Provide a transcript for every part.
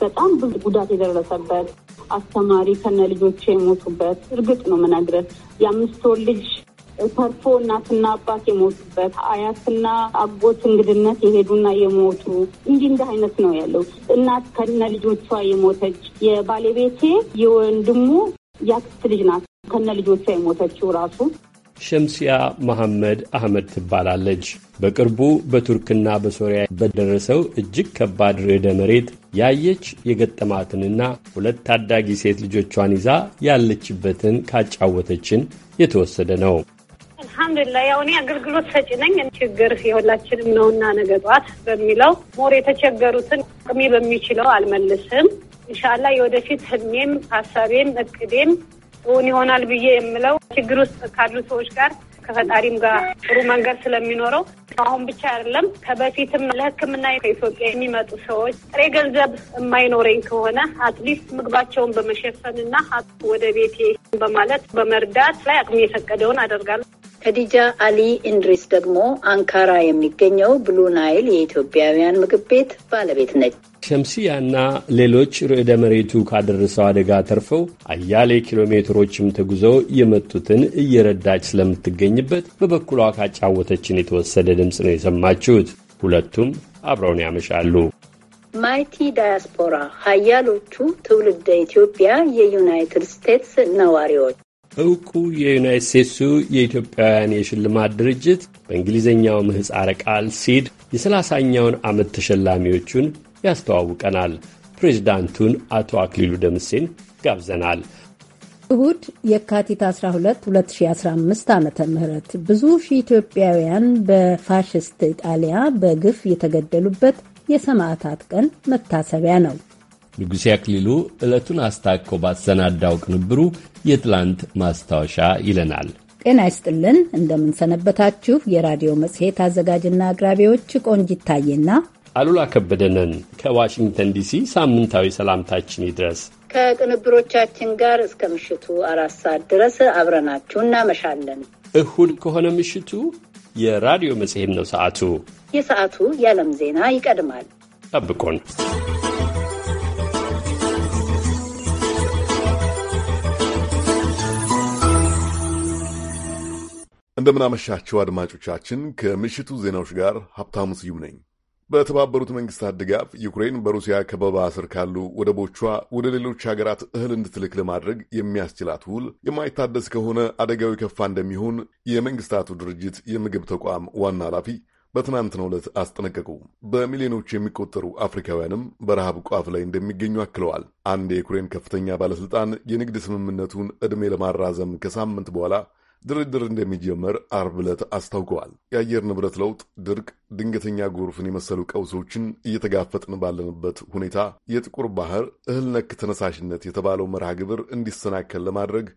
በጣም ብዙ ጉዳት የደረሰበት አስተማሪ ከነ ልጆች የሞቱበት እርግጥ ነው ምነግርህ የአምስት ወር ልጅ ተርፎ እናትና አባት የሞቱበት አያትና አጎት እንግድነት የሄዱና የሞቱ እንዲህ እንደ አይነት ነው ያለው። እናት ከነ ልጆቿ የሞተች የባለቤቴ የወንድሙ የአክስት ልጅ ናት ከነ ልጆቿ የሞተችው ራሱ ሸምሲያ መሐመድ አህመድ ትባላለች። በቅርቡ በቱርክና በሶሪያ በደረሰው እጅግ ከባድ ርዕደ መሬት ያየች የገጠማትንና ሁለት ታዳጊ ሴት ልጆቿን ይዛ ያለችበትን ካጫወተችን የተወሰደ ነው። አልሐምዱሊላ ያው እኔ አገልግሎት ሰጪ ነኝ። ችግር የሁላችንም ነውና ነገ ጠዋት በሚለው ሞር የተቸገሩትን አቅሜ በሚችለው አልመልስም። እንሻላ የወደፊት ህልሜም ሀሳቤም እቅዴም እውን ይሆናል ብዬ የምለው ችግር ውስጥ ካሉ ሰዎች ጋር ከፈጣሪም ጋር ጥሩ መንገድ ስለሚኖረው አሁን ብቻ አይደለም ከበፊትም ለሕክምና ከኢትዮጵያ የሚመጡ ሰዎች ጥሬ ገንዘብ የማይኖረኝ ከሆነ አትሊስት ምግባቸውን በመሸፈን እና ወደ ቤቴ በማለት በመርዳት ላይ አቅሜ የፈቀደውን አደርጋለሁ። ከዲጃ አሊ ኢንድሪስ ደግሞ አንካራ የሚገኘው ብሉ ናይል የኢትዮጵያውያን ምግብ ቤት ባለቤት ነች። ሸምሲያና ሌሎች ርዕደ መሬቱ ካደረሰው አደጋ ተርፈው አያሌ ኪሎ ሜትሮችም ተጉዘው የመጡትን እየረዳች ስለምትገኝበት በበኩሏ ካጫወተችን የተወሰደ ድምፅ ነው የሰማችሁት። ሁለቱም አብረውን ያመሻሉ። ማይቲ ዳያስፖራ ሀያሎቹ ትውልደ ኢትዮጵያ የዩናይትድ ስቴትስ ነዋሪዎች እውቁ የዩናይት ስቴትሱ የኢትዮጵያውያን የሽልማት ድርጅት በእንግሊዝኛው ምህፃረ ቃል ሲድ የሰላሳኛውን ዓመት ተሸላሚዎቹን ያስተዋውቀናል። ፕሬዚዳንቱን አቶ አክሊሉ ደምሴን ጋብዘናል። እሁድ የካቲት 12 2015 ዓ ም ብዙ ሺህ ኢትዮጵያውያን በፋሽስት ኢጣሊያ በግፍ የተገደሉበት የሰማዕታት ቀን መታሰቢያ ነው። ንጉሴ አክሊሉ ዕለቱን አስታኮ ባሰናዳው ቅንብሩ የትላንት ማስታወሻ ይለናል። ጤና ይስጥልን፣ እንደምንሰነበታችሁ። የራዲዮ መጽሔት አዘጋጅና አቅራቢዎች ቆንጅ ታዬና አሉላ ከበደነን ከዋሽንግተን ዲሲ ሳምንታዊ ሰላምታችን ይድረስ። ከቅንብሮቻችን ጋር እስከ ምሽቱ አራት ሰዓት ድረስ አብረናችሁ እናመሻለን። እሁድ ከሆነ ምሽቱ የራዲዮ መጽሔት ነው ሰዓቱ። የሰዓቱ የዓለም ዜና ይቀድማል። ጠብቆን እንደምናመሻቸው አድማጮቻችን፣ ከምሽቱ ዜናዎች ጋር ሀብታሙ ስዩም ነኝ። በተባበሩት መንግስታት ድጋፍ ዩክሬን በሩሲያ ከበባ ስር ካሉ ወደቦቿ ወደ ሌሎች ሀገራት እህል እንድትልክ ለማድረግ የሚያስችላት ውል የማይታደስ ከሆነ አደጋው የከፋ እንደሚሆን የመንግስታቱ ድርጅት የምግብ ተቋም ዋና ኃላፊ በትናንትናው ዕለት አስጠነቀቁ። በሚሊዮኖች የሚቆጠሩ አፍሪካውያንም በረሃብ ቋፍ ላይ እንደሚገኙ አክለዋል። አንድ የዩክሬን ከፍተኛ ባለሥልጣን የንግድ ስምምነቱን ዕድሜ ለማራዘም ከሳምንት በኋላ ድርድር እንደሚጀመር አርብ ዕለት አስታውቀዋል። የአየር ንብረት ለውጥ፣ ድርቅ፣ ድንገተኛ ጎርፍን የመሰሉ ቀውሶችን እየተጋፈጥን ባለንበት ሁኔታ የጥቁር ባህር እህል ነክ ተነሳሽነት የተባለው መርሃ ግብር እንዲሰናከል ለማድረግ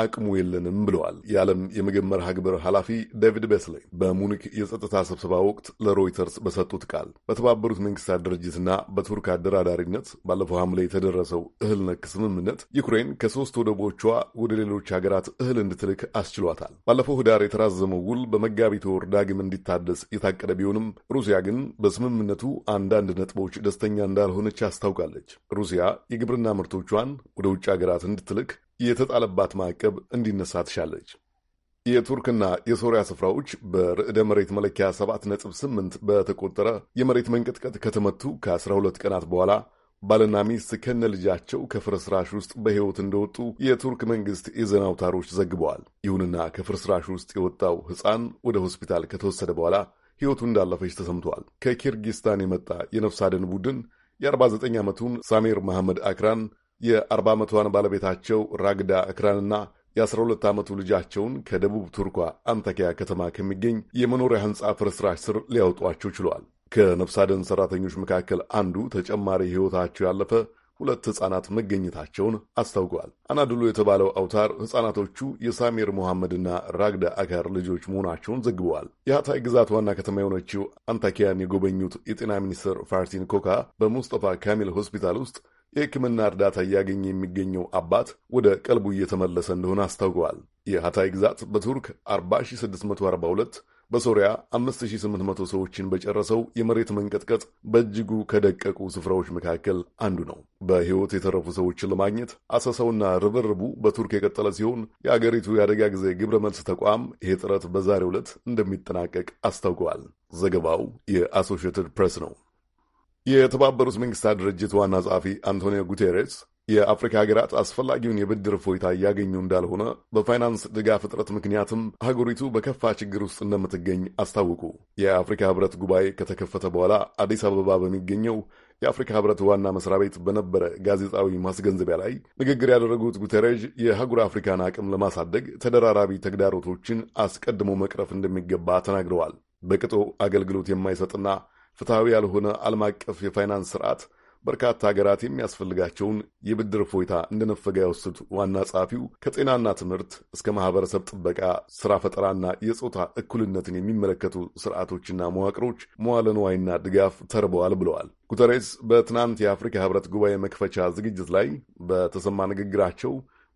አቅሙ የለንም ብለዋል። የዓለም የምግብ መርሃ ግብር ኃላፊ ዴቪድ ቤስሌ በሙኒክ የጸጥታ ስብሰባ ወቅት ለሮይተርስ በሰጡት ቃል በተባበሩት መንግስታት ድርጅትና በቱርክ አደራዳሪነት ባለፈው ሐምሌ የተደረሰው እህል ነክ ስምምነት ዩክሬን ከሶስት ወደቦቿ ወደ ሌሎች ሀገራት እህል እንድትልክ አስችሏታል። ባለፈው ህዳር የተራዘመው ውል በመጋቢት ወር ዳግም እንዲታደስ የታቀደ ቢሆንም ሩሲያ ግን በስምምነቱ አንዳንድ ነጥቦች ደስተኛ እንዳልሆነች አስታውቃለች። ሩሲያ የግብርና ምርቶቿን ወደ ውጭ ሀገራት እንድትልክ የተጣለባት ማዕቀብ እንዲነሳ ትሻለች። የቱርክና የሶሪያ ስፍራዎች በርዕደ መሬት መለኪያ 7.8 በተቆጠረ የመሬት መንቀጥቀጥ ከተመቱ ከ12 ቀናት በኋላ ባልና ሚስት ከነ ልጃቸው ከፍርስራሽ ውስጥ በሕይወት እንደወጡ የቱርክ መንግሥት የዜና አውታሮች ዘግበዋል። ይሁንና ከፍርስራሽ ውስጥ የወጣው ሕፃን ወደ ሆስፒታል ከተወሰደ በኋላ ሕይወቱ እንዳለፈች ተሰምቷል። ከኪርጊስታን የመጣ የነፍስ አድን ቡድን የ49 ዓመቱን ሳሜር መሐመድ አክራን የ40 ዓመቷን ባለቤታቸው ራግዳ እክራንና የ12 ዓመቱ ልጃቸውን ከደቡብ ቱርኳ አንታኪያ ከተማ ከሚገኝ የመኖሪያ ሕንፃ ፍርስራሽ ስር ሊያወጧቸው ችለዋል። ከነፍስ አድን ሠራተኞች መካከል አንዱ ተጨማሪ ሕይወታቸው ያለፈ ሁለት ሕፃናት መገኘታቸውን አስታውቀዋል። አናድሎ የተባለው አውታር ሕፃናቶቹ የሳሜር ሞሐመድና ራግዳ አካር ልጆች መሆናቸውን ዘግበዋል። የሀታይ ግዛት ዋና ከተማ የሆነችው አንታኪያን የጎበኙት የጤና ሚኒስትር ፋርቲን ኮካ በሙስጠፋ ካሚል ሆስፒታል ውስጥ የሕክምና እርዳታ እያገኘ የሚገኘው አባት ወደ ቀልቡ እየተመለሰ እንደሆነ አስታውቀዋል። የሀታይ ግዛት በቱርክ 40642 በሶሪያ 5800 ሰዎችን በጨረሰው የመሬት መንቀጥቀጥ በእጅጉ ከደቀቁ ስፍራዎች መካከል አንዱ ነው። በሕይወት የተረፉ ሰዎችን ለማግኘት አሰሳውና ርብርቡ በቱርክ የቀጠለ ሲሆን የአገሪቱ የአደጋ ጊዜ ግብረ መልስ ተቋም ይሄ ጥረት በዛሬው ዕለት እንደሚጠናቀቅ አስታውቀዋል። ዘገባው የአሶሺየትድ ፕሬስ ነው። የተባበሩት መንግስታት ድርጅት ዋና ጸሐፊ አንቶኒዮ ጉቴሬስ የአፍሪካ ሀገራት አስፈላጊውን የብድር ፎይታ እያገኙ እንዳልሆነ በፋይናንስ ድጋፍ እጥረት ምክንያትም ሀገሪቱ በከፋ ችግር ውስጥ እንደምትገኝ አስታውቁ የአፍሪካ ህብረት ጉባኤ ከተከፈተ በኋላ አዲስ አበባ በሚገኘው የአፍሪካ ህብረት ዋና መስሪያ ቤት በነበረ ጋዜጣዊ ማስገንዘቢያ ላይ ንግግር ያደረጉት ጉተሬዥ የአህጉር አፍሪካን አቅም ለማሳደግ ተደራራቢ ተግዳሮቶችን አስቀድሞ መቅረፍ እንደሚገባ ተናግረዋል። በቅጡ አገልግሎት የማይሰጥና ፍትሐዊ ያልሆነ ዓለም አቀፍ የፋይናንስ ስርዓት በርካታ ሀገራት የሚያስፈልጋቸውን የብድር ፎይታ እንደነፈገ ያወሱት ዋና ጸሐፊው ከጤናና ትምህርት እስከ ማህበረሰብ ጥበቃ፣ ስራ ፈጠራና የጾታ እኩልነትን የሚመለከቱ ስርዓቶችና መዋቅሮች መዋለ ንዋይና ድጋፍ ተርበዋል ብለዋል። ጉተሬስ በትናንት የአፍሪካ ህብረት ጉባኤ መክፈቻ ዝግጅት ላይ በተሰማ ንግግራቸው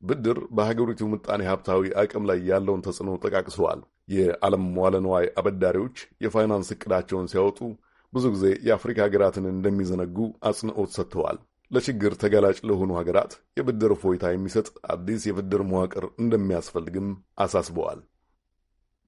ብድር በሀገሪቱ ምጣኔ ሀብታዊ አቅም ላይ ያለውን ተጽዕኖ ጠቃቅሰዋል። የዓለም መዋለ ንዋይ አበዳሪዎች የፋይናንስ ዕቅዳቸውን ሲያወጡ ብዙ ጊዜ የአፍሪካ ሀገራትን እንደሚዘነጉ አጽንኦት ሰጥተዋል። ለችግር ተጋላጭ ለሆኑ ሀገራት የብድር እፎይታ የሚሰጥ አዲስ የብድር መዋቅር እንደሚያስፈልግም አሳስበዋል።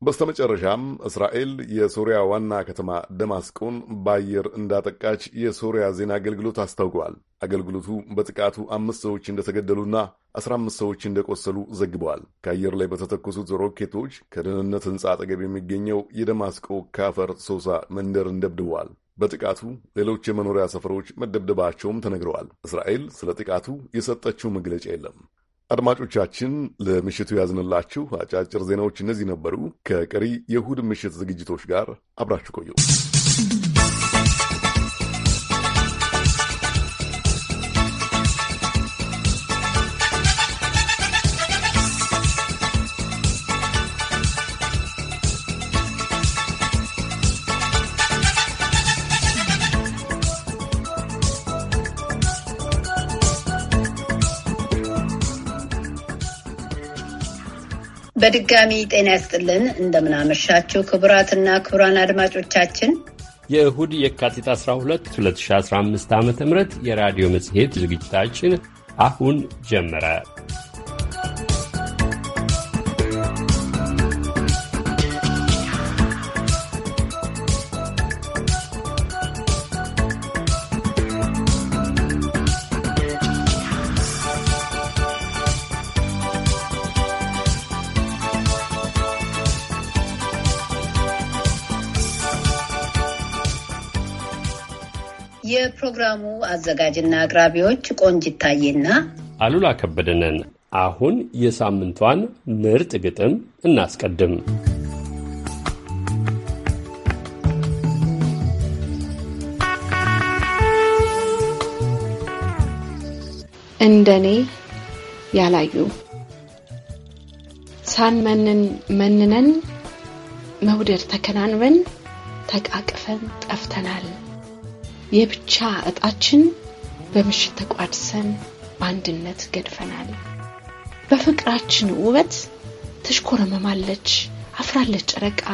በስተመጨረሻም እስራኤል የሶሪያ ዋና ከተማ ደማስቆን በአየር እንዳጠቃች የሶሪያ ዜና አገልግሎት አስታውቀዋል። አገልግሎቱ በጥቃቱ አምስት ሰዎች እንደተገደሉና አስራ አምስት ሰዎች እንደቆሰሉ ዘግበዋል። ከአየር ላይ በተተኮሱት ሮኬቶች ከደህንነት ሕንፃ አጠገብ የሚገኘው የደማስቆ ካፈር ሶሳ መንደርን ደብድበዋል። በጥቃቱ ሌሎች የመኖሪያ ሰፈሮች መደብደባቸውም ተነግረዋል። እስራኤል ስለ ጥቃቱ የሰጠችው መግለጫ የለም። አድማጮቻችን ለምሽቱ ያዝንላችሁ አጫጭር ዜናዎች እነዚህ ነበሩ። ከቀሪ የእሁድ ምሽት ዝግጅቶች ጋር አብራችሁ ቆዩ። በድጋሚ ጤና ያስጥልን። እንደምናመሻችው ክቡራትና ክቡራን አድማጮቻችን የእሁድ የካቲት 12 2015 ዓ ም የራዲዮ መጽሔት ዝግጅታችን አሁን ጀመረ። የፕሮግራሙ አዘጋጅና አቅራቢዎች ቆንጅ ይታየና አሉላ ከበደነን። አሁን የሳምንቷን ምርጥ ግጥም እናስቀድም። እንደኔ ያላዩ ሳንመንን መንነን መውደድ ተከናንበን ተቃቅፈን ጠፍተናል። የብቻ እጣችን በምሽት ተቋድሰን በአንድነት ገድፈናል። በፍቅራችን ውበት ትሽኮረመማለች አፍራለች ጨረቃ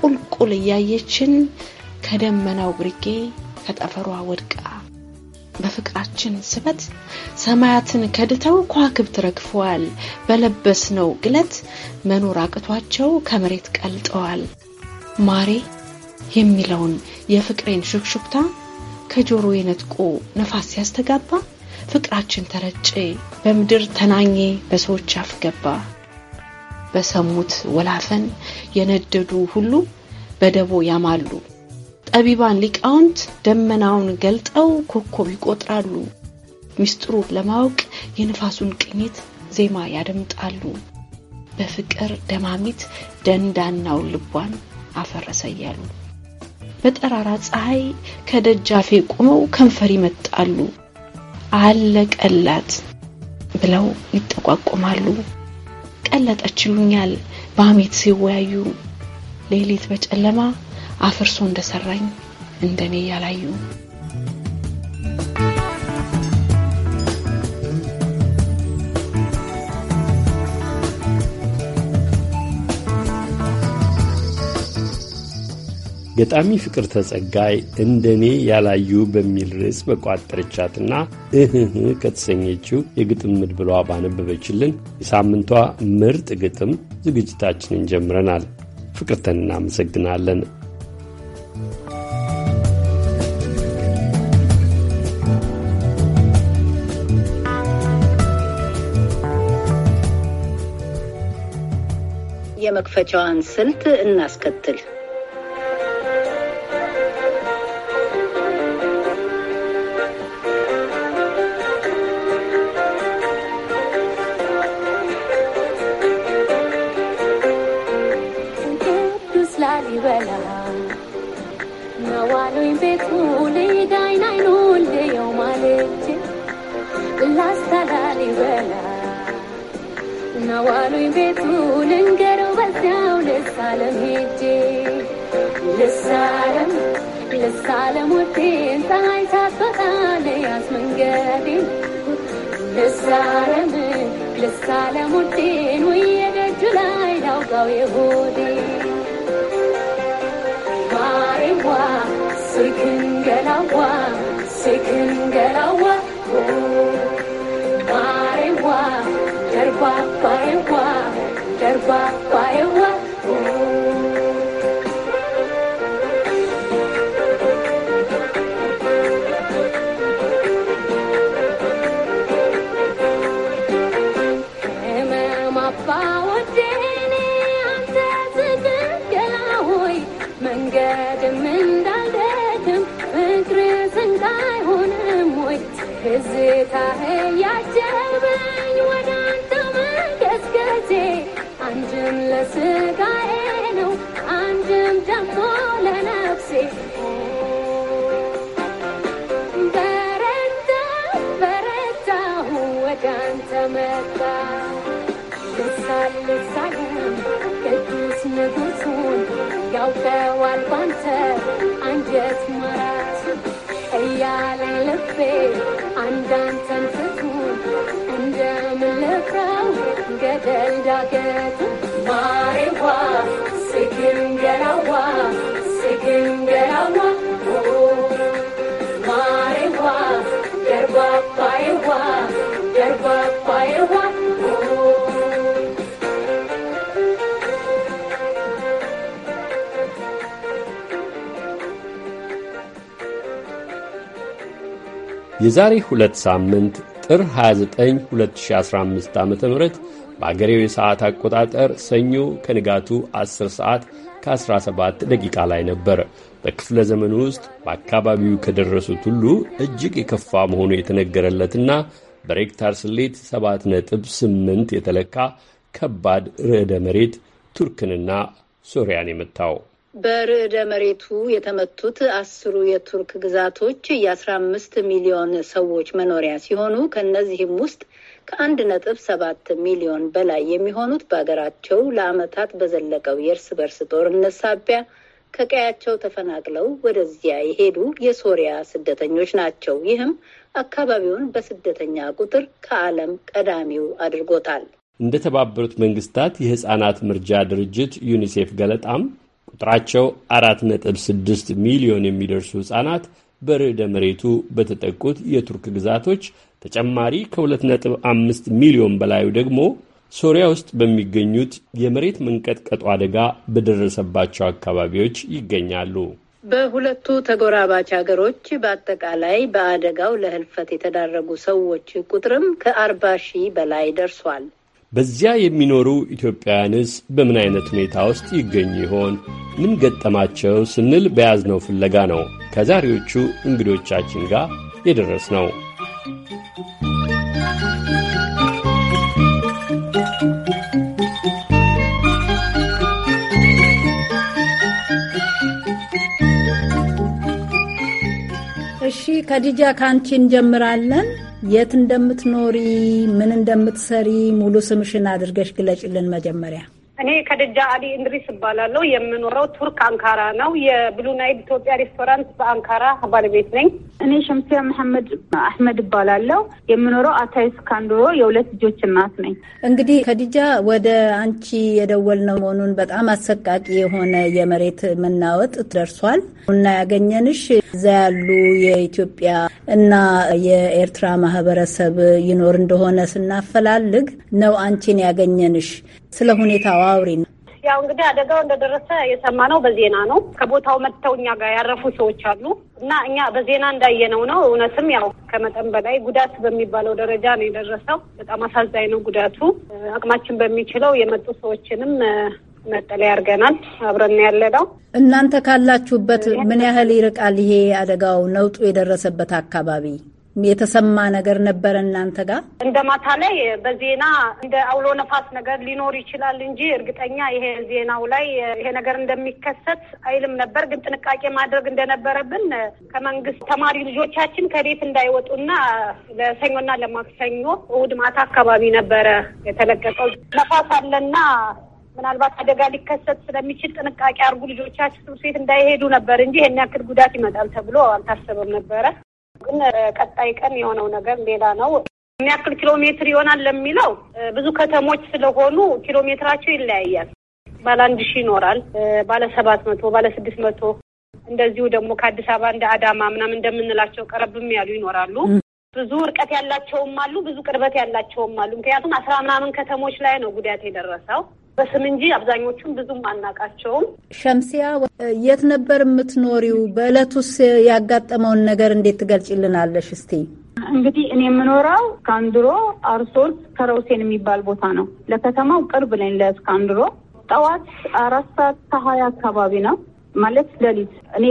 ቁልቁል እያየችን ከደመናው ግርጌ ከጠፈሯ ወድቃ በፍቅራችን ስበት ሰማያትን ከድተው ከዋክብት ረግፈዋል። በለበስነው ግለት መኖር አቅቷቸው ከመሬት ቀልጠዋል። ማሬ የሚለውን የፍቅሬን ሹክሹክታ ከጆሮ የነጥቆ ነፋስ ሲያስተጋባ ፍቅራችን ተረጨ በምድር ተናኘ በሰዎች አፍ ገባ። በሰሙት ወላፈን የነደዱ ሁሉ በደቦ ያማሉ። ጠቢባን ሊቃውንት ደመናውን ገልጠው ኮከብ ይቆጥራሉ። ሚስጥሩ ለማወቅ የንፋሱን ቅኝት ዜማ ያደምጣሉ። በፍቅር ደማሚት ደንዳናው ልቧን አፈረሰ እያሉ በጠራራ ፀሐይ ከደጃፌ ቆመው ከንፈር ይመጣሉ። አለቀላት ብለው ይጠቋቁማሉ። ቀለጠች ይሉኛል በሐሜት ሲወያዩ ሌሊት በጨለማ አፍርሶ እንደሰራኝ እንደኔ ያላዩ ገጣሚ ፍቅር ተጸጋይ! እንደኔ ያላዩ በሚል ርዕስ በቋጠረቻትና እህህ ከተሰኘችው የግጥም ምድብሏ ባነበበችልን የሳምንቷ ምርጥ ግጥም ዝግጅታችንን ጀምረናል። ፍቅርተን እናመሰግናለን። የመክፈቻዋን ስልት እናስከትል። ይበላል መዋሉኝ ቤቱ ልዳይን አይኑ ልየው ማለች ላስተላል ላይ ላውጋው የሆዴ Sikingalawa, Sikingalawa, Barewa, Derba, Barewa, Derba, ያውቀዋል ባንተ አንጀት መራት እያለ ልቤ አንዳንተን ፍቅሩን እንደምልክረው ገደል ዳገት ማሬዋ ስግንገላዋ ስግንገላዋ የዛሬ ሁለት ሳምንት ጥር 29 2015 ዓ ም በአገሬው የሰዓት አቆጣጠር ሰኞ ከንጋቱ 10 ሰዓት ከ17 ደቂቃ ላይ ነበር በክፍለ ዘመኑ ውስጥ በአካባቢው ከደረሱት ሁሉ እጅግ የከፋ መሆኑ የተነገረለትና በሬክታር ስሌት 7.8 የተለካ ከባድ ርዕደ መሬት ቱርክንና ሶሪያን የመታው በርዕደ መሬቱ የተመቱት አስሩ የቱርክ ግዛቶች የአስራ አምስት ሚሊዮን ሰዎች መኖሪያ ሲሆኑ ከእነዚህም ውስጥ ከአንድ ነጥብ ሰባት ሚሊዮን በላይ የሚሆኑት በሀገራቸው ለአመታት በዘለቀው የእርስ በርስ ጦርነት ሳቢያ ከቀያቸው ተፈናቅለው ወደዚያ የሄዱ የሶሪያ ስደተኞች ናቸው። ይህም አካባቢውን በስደተኛ ቁጥር ከዓለም ቀዳሚው አድርጎታል። እንደ ተባበሩት መንግስታት የህጻናት ምርጃ ድርጅት ዩኒሴፍ ገለጣም ቁጥራቸው አራት ነጥብ ስድስት ሚሊዮን የሚደርሱ ሕፃናት በርዕደ መሬቱ በተጠቁት የቱርክ ግዛቶች ተጨማሪ ከ2.5 ሚሊዮን በላዩ ደግሞ ሶሪያ ውስጥ በሚገኙት የመሬት መንቀጥቀጡ አደጋ በደረሰባቸው አካባቢዎች ይገኛሉ። በሁለቱ ተጎራባች ሀገሮች በአጠቃላይ በአደጋው ለህልፈት የተዳረጉ ሰዎች ቁጥርም ከአርባ ሺህ በላይ ደርሷል። በዚያ የሚኖሩ ኢትዮጵያውያንስ በምን አይነት ሁኔታ ውስጥ ይገኙ ይሆን? ምን ገጠማቸው ስንል በያዝነው ፍለጋ ነው ከዛሬዎቹ እንግዶቻችን ጋር የደረስ ነው። እሺ፣ ከዲጃ ካንቺ እንጀምራለን። የት እንደምትኖሪ ምን እንደምትሰሪ ሙሉ ስምሽን አድርገሽ ግለጭልን መጀመሪያ እኔ ከደጃ አሊ እንድሪስ እባላለሁ። የምኖረው ቱርክ አንካራ ነው። የብሉ ናይል ኢትዮጵያ ሬስቶራንት በአንካራ ባለቤት ነኝ። እኔ ሸምሲያ መሐመድ አህመድ እባላለሁ። የምኖረው አታይ እስካንድሮ የሁለት ልጆች እናት ነኝ። እንግዲህ ከዲጃ ወደ አንቺ የደወል ነው መሆኑን በጣም አሰቃቂ የሆነ የመሬት መናወጥ ደርሷል እና ያገኘንሽ እዛ ያሉ የኢትዮጵያ እና የኤርትራ ማህበረሰብ ይኖር እንደሆነ ስናፈላልግ ነው አንቺን ያገኘንሽ ስለ ሁኔታው አውሪ። ያው እንግዲህ አደጋው እንደደረሰ የሰማነው በዜና ነው። ከቦታው መጥተው እኛ ጋር ያረፉ ሰዎች አሉ እና እኛ በዜና እንዳየነው ነው። እውነትም ያው ከመጠን በላይ ጉዳት በሚባለው ደረጃ ነው የደረሰው። በጣም አሳዛኝ ነው ጉዳቱ። አቅማችን በሚችለው የመጡ ሰዎችንም መጠለያ አድርገናል። አብረን ያለ ነው። እናንተ ካላችሁበት ምን ያህል ይርቃል ይሄ አደጋው ነውጡ የደረሰበት አካባቢ? የተሰማ ነገር ነበረ እናንተ ጋር? እንደ ማታ ላይ በዜና እንደ አውሎ ነፋስ ነገር ሊኖር ይችላል እንጂ እርግጠኛ ይሄ ዜናው ላይ ይሄ ነገር እንደሚከሰት አይልም ነበር። ግን ጥንቃቄ ማድረግ እንደነበረብን ከመንግስት ተማሪ ልጆቻችን ከቤት እንዳይወጡና ለሰኞና ለማክሰኞ እሁድ ማታ አካባቢ ነበረ የተለቀቀው። ነፋስ አለና ምናልባት አደጋ ሊከሰት ስለሚችል ጥንቃቄ አርጉ ልጆቻችን ትምህርት ቤት እንዳይሄዱ ነበር እንጂ ይሄን ያክል ጉዳት ይመጣል ተብሎ አልታሰበም ነበረ። ግን ቀጣይ ቀን የሆነው ነገር ሌላ ነው። የሚያክል ኪሎ ሜትር ይሆናል ለሚለው ብዙ ከተሞች ስለሆኑ ኪሎ ሜትራቸው ይለያያል። ባለ አንድ ሺህ ይኖራል፣ ባለ ሰባት መቶ ባለ ስድስት መቶ እንደዚሁ ደግሞ ከአዲስ አበባ እንደ አዳማ ምናምን እንደምንላቸው ቀረብም ያሉ ይኖራሉ። ብዙ እርቀት ያላቸውም አሉ፣ ብዙ ቅርበት ያላቸውም አሉ። ምክንያቱም አስራ ምናምን ከተሞች ላይ ነው ጉዳት የደረሰው። በስም እንጂ አብዛኞቹም ብዙም አናቃቸውም። ሸምሲያ የት ነበር የምትኖሪው? በእለቱስ ያጋጠመውን ነገር እንዴት ትገልጭልናለሽ እስቲ? እንግዲህ እኔ የምኖረው እስካንድሮ አርሶልት ከረውሴን የሚባል ቦታ ነው። ለከተማው ቅርብ ነኝ። ለስካንድሮ ጠዋት አራት ሰዓት ከሀያ አካባቢ ነው ማለት ሌሊት እኔ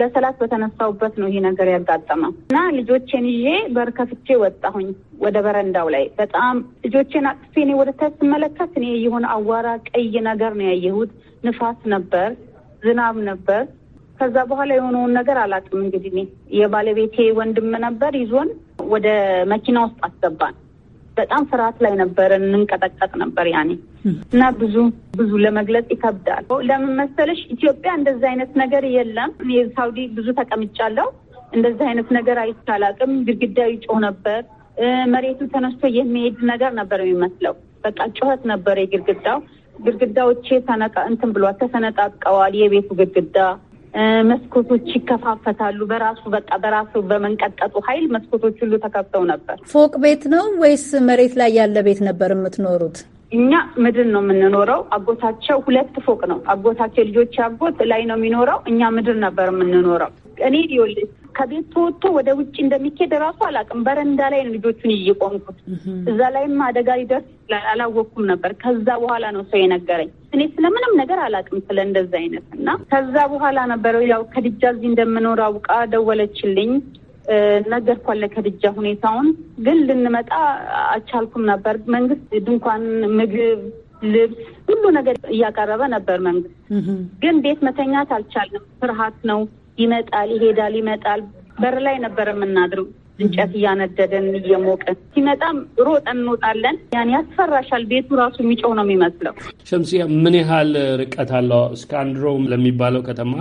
ለሰላት በተነሳውበት ነው ይሄ ነገር ያጋጠመ እና ልጆቼን ይዤ በር ከፍቼ ወጣሁኝ ወደ በረንዳው ላይ በጣም ልጆቼን አቅፌ እኔ ወደ ታች ስመለከት እኔ የሆነ አዋራ ቀይ ነገር ነው ያየሁት። ንፋስ ነበር፣ ዝናብ ነበር። ከዛ በኋላ የሆነውን ነገር አላውቅም። እንግዲህ የባለቤቴ ወንድም ነበር ይዞን ወደ መኪና ውስጥ አስገባን። በጣም ፍርሃት ላይ ነበር። እንንቀጠቀጥ ነበር ያኔ እና ብዙ ብዙ ለመግለጽ ይከብዳል። ለምን መሰለሽ ኢትዮጵያ እንደዚህ አይነት ነገር የለም። የሳውዲ ብዙ ተቀምጫለሁ። እንደዚህ አይነት ነገር አይቻላቅም። ግድግዳ ይጮህ ነበር። መሬቱ ተነስቶ የሚሄድ ነገር ነበር የሚመስለው። በቃ ጩኸት ነበር የግድግዳው። ግድግዳዎቼ እንትን ብሏል፣ ተሰነጣጥቀዋል። የቤቱ ግድግዳ መስኮቶች ይከፋፈታሉ። በራሱ በቃ በራሱ በመንቀጥቀጡ ኃይል መስኮቶች ሁሉ ተከፍተው ነበር። ፎቅ ቤት ነው ወይስ መሬት ላይ ያለ ቤት ነበር የምትኖሩት? እኛ ምድር ነው የምንኖረው። አጎታቸው ሁለት ፎቅ ነው። አጎታቸው ልጆች አጎት ላይ ነው የሚኖረው። እኛ ምድር ነበር የምንኖረው። እኔ ይኸውልሽ ከቤት ተወጥቶ ወደ ውጭ እንደሚኬድ ራሱ አላውቅም። በረንዳ ላይ ነው ልጆቹን እየቆምኩት። እዛ ላይም አደጋ ሊደርስ ይችላል አላወቅኩም ነበር። ከዛ በኋላ ነው ሰው የነገረኝ። እኔ ስለምንም ነገር አላውቅም ስለ እንደዛ አይነት እና ከዛ በኋላ ነበረው ያው ከድጃ እዚህ እንደምኖር አውቃ ደወለችልኝ። ነገርኳለ ከድጃ ሁኔታውን ግን ልንመጣ አልቻልኩም ነበር። መንግስት ድንኳን፣ ምግብ፣ ልብስ ሁሉ ነገር እያቀረበ ነበር መንግስት፣ ግን ቤት መተኛት አልቻልንም። ፍርሃት ነው ይመጣል፣ ይሄዳል፣ ይመጣል። በር ላይ ነበር የምናድረው እንጨት እያነደደን እየሞቀን ሲመጣም ሮጠን እንወጣለን። ያን ያስፈራሻል። ቤቱ ራሱ የሚጮህ ነው የሚመስለው። ሸምሲያ ምን ያህል ርቀት አለው? እስከ አንድሮ ለሚባለው ከተማ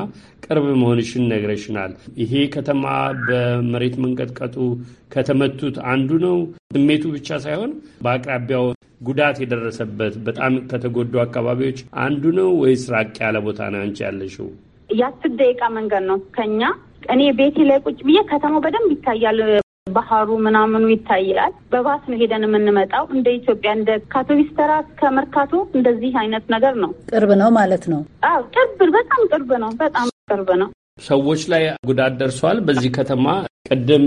ቅርብ መሆንሽን ነግረሽናል። ይሄ ከተማ በመሬት መንቀጥቀጡ ከተመቱት አንዱ ነው። ስሜቱ ብቻ ሳይሆን በአቅራቢያው ጉዳት የደረሰበት በጣም ከተጎዱ አካባቢዎች አንዱ ነው ወይስ ራቅ ያለ ቦታ ነው አንቺ ያለሽው? የአስር ደቂቃ መንገድ ነው ከኛ። እኔ ቤቴ ላይ ቁጭ ብዬ ከተማው በደንብ ይታያል። ባህሩ ምናምኑ ይታያል። በባስ ነው ሄደን የምንመጣው። እንደ ኢትዮጵያ እንደ ካቶሊስተራ እስከ እንደዚህ አይነት ነገር ነው። ቅርብ ነው ማለት ነው። አዎ ቅርብ፣ በጣም ቅርብ ነው። በጣም ቅርብ ነው። ሰዎች ላይ ጉዳት ደርሷል በዚህ ከተማ። ቅድም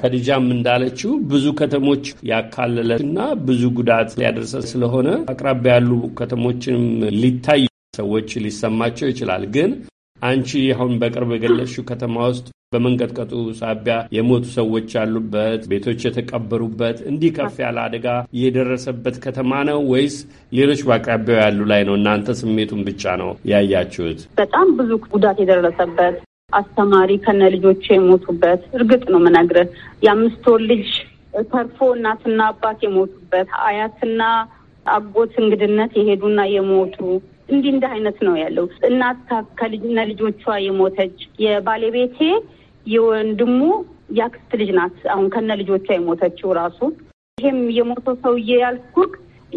ከድጃም እንዳለችው ብዙ ከተሞች ያካለለ እና ብዙ ጉዳት ሊያደርሰ ስለሆነ አቅራቢያ ያሉ ከተሞችንም ሊታይ ሰዎች ሊሰማቸው ይችላል ግን አንቺ አሁን በቅርብ የገለጽሽው ከተማ ውስጥ በመንቀጥቀጡ ሳቢያ የሞቱ ሰዎች ያሉበት ቤቶች የተቀበሩበት እንዲህ ከፍ ያለ አደጋ የደረሰበት ከተማ ነው ወይስ ሌሎች በአቅራቢያው ያሉ ላይ ነው? እናንተ ስሜቱን ብቻ ነው ያያችሁት? በጣም ብዙ ጉዳት የደረሰበት አስተማሪ ከነ ልጆች የሞቱበት እርግጥ ነው የምነግርህ የአምስት ወር ልጅ ተርፎ እናትና አባት የሞቱበት አያትና አጎት እንግድነት የሄዱና የሞቱ እንዲህ እንደ አይነት ነው ያለው። እናት ከልጅና ልጆቿ የሞተች የባለቤቴ የወንድሙ የአክስት ልጅ ናት። አሁን ከነ ልጆቿ የሞተችው ራሱ ይሄም የሞተው ሰውዬ ያልኩህ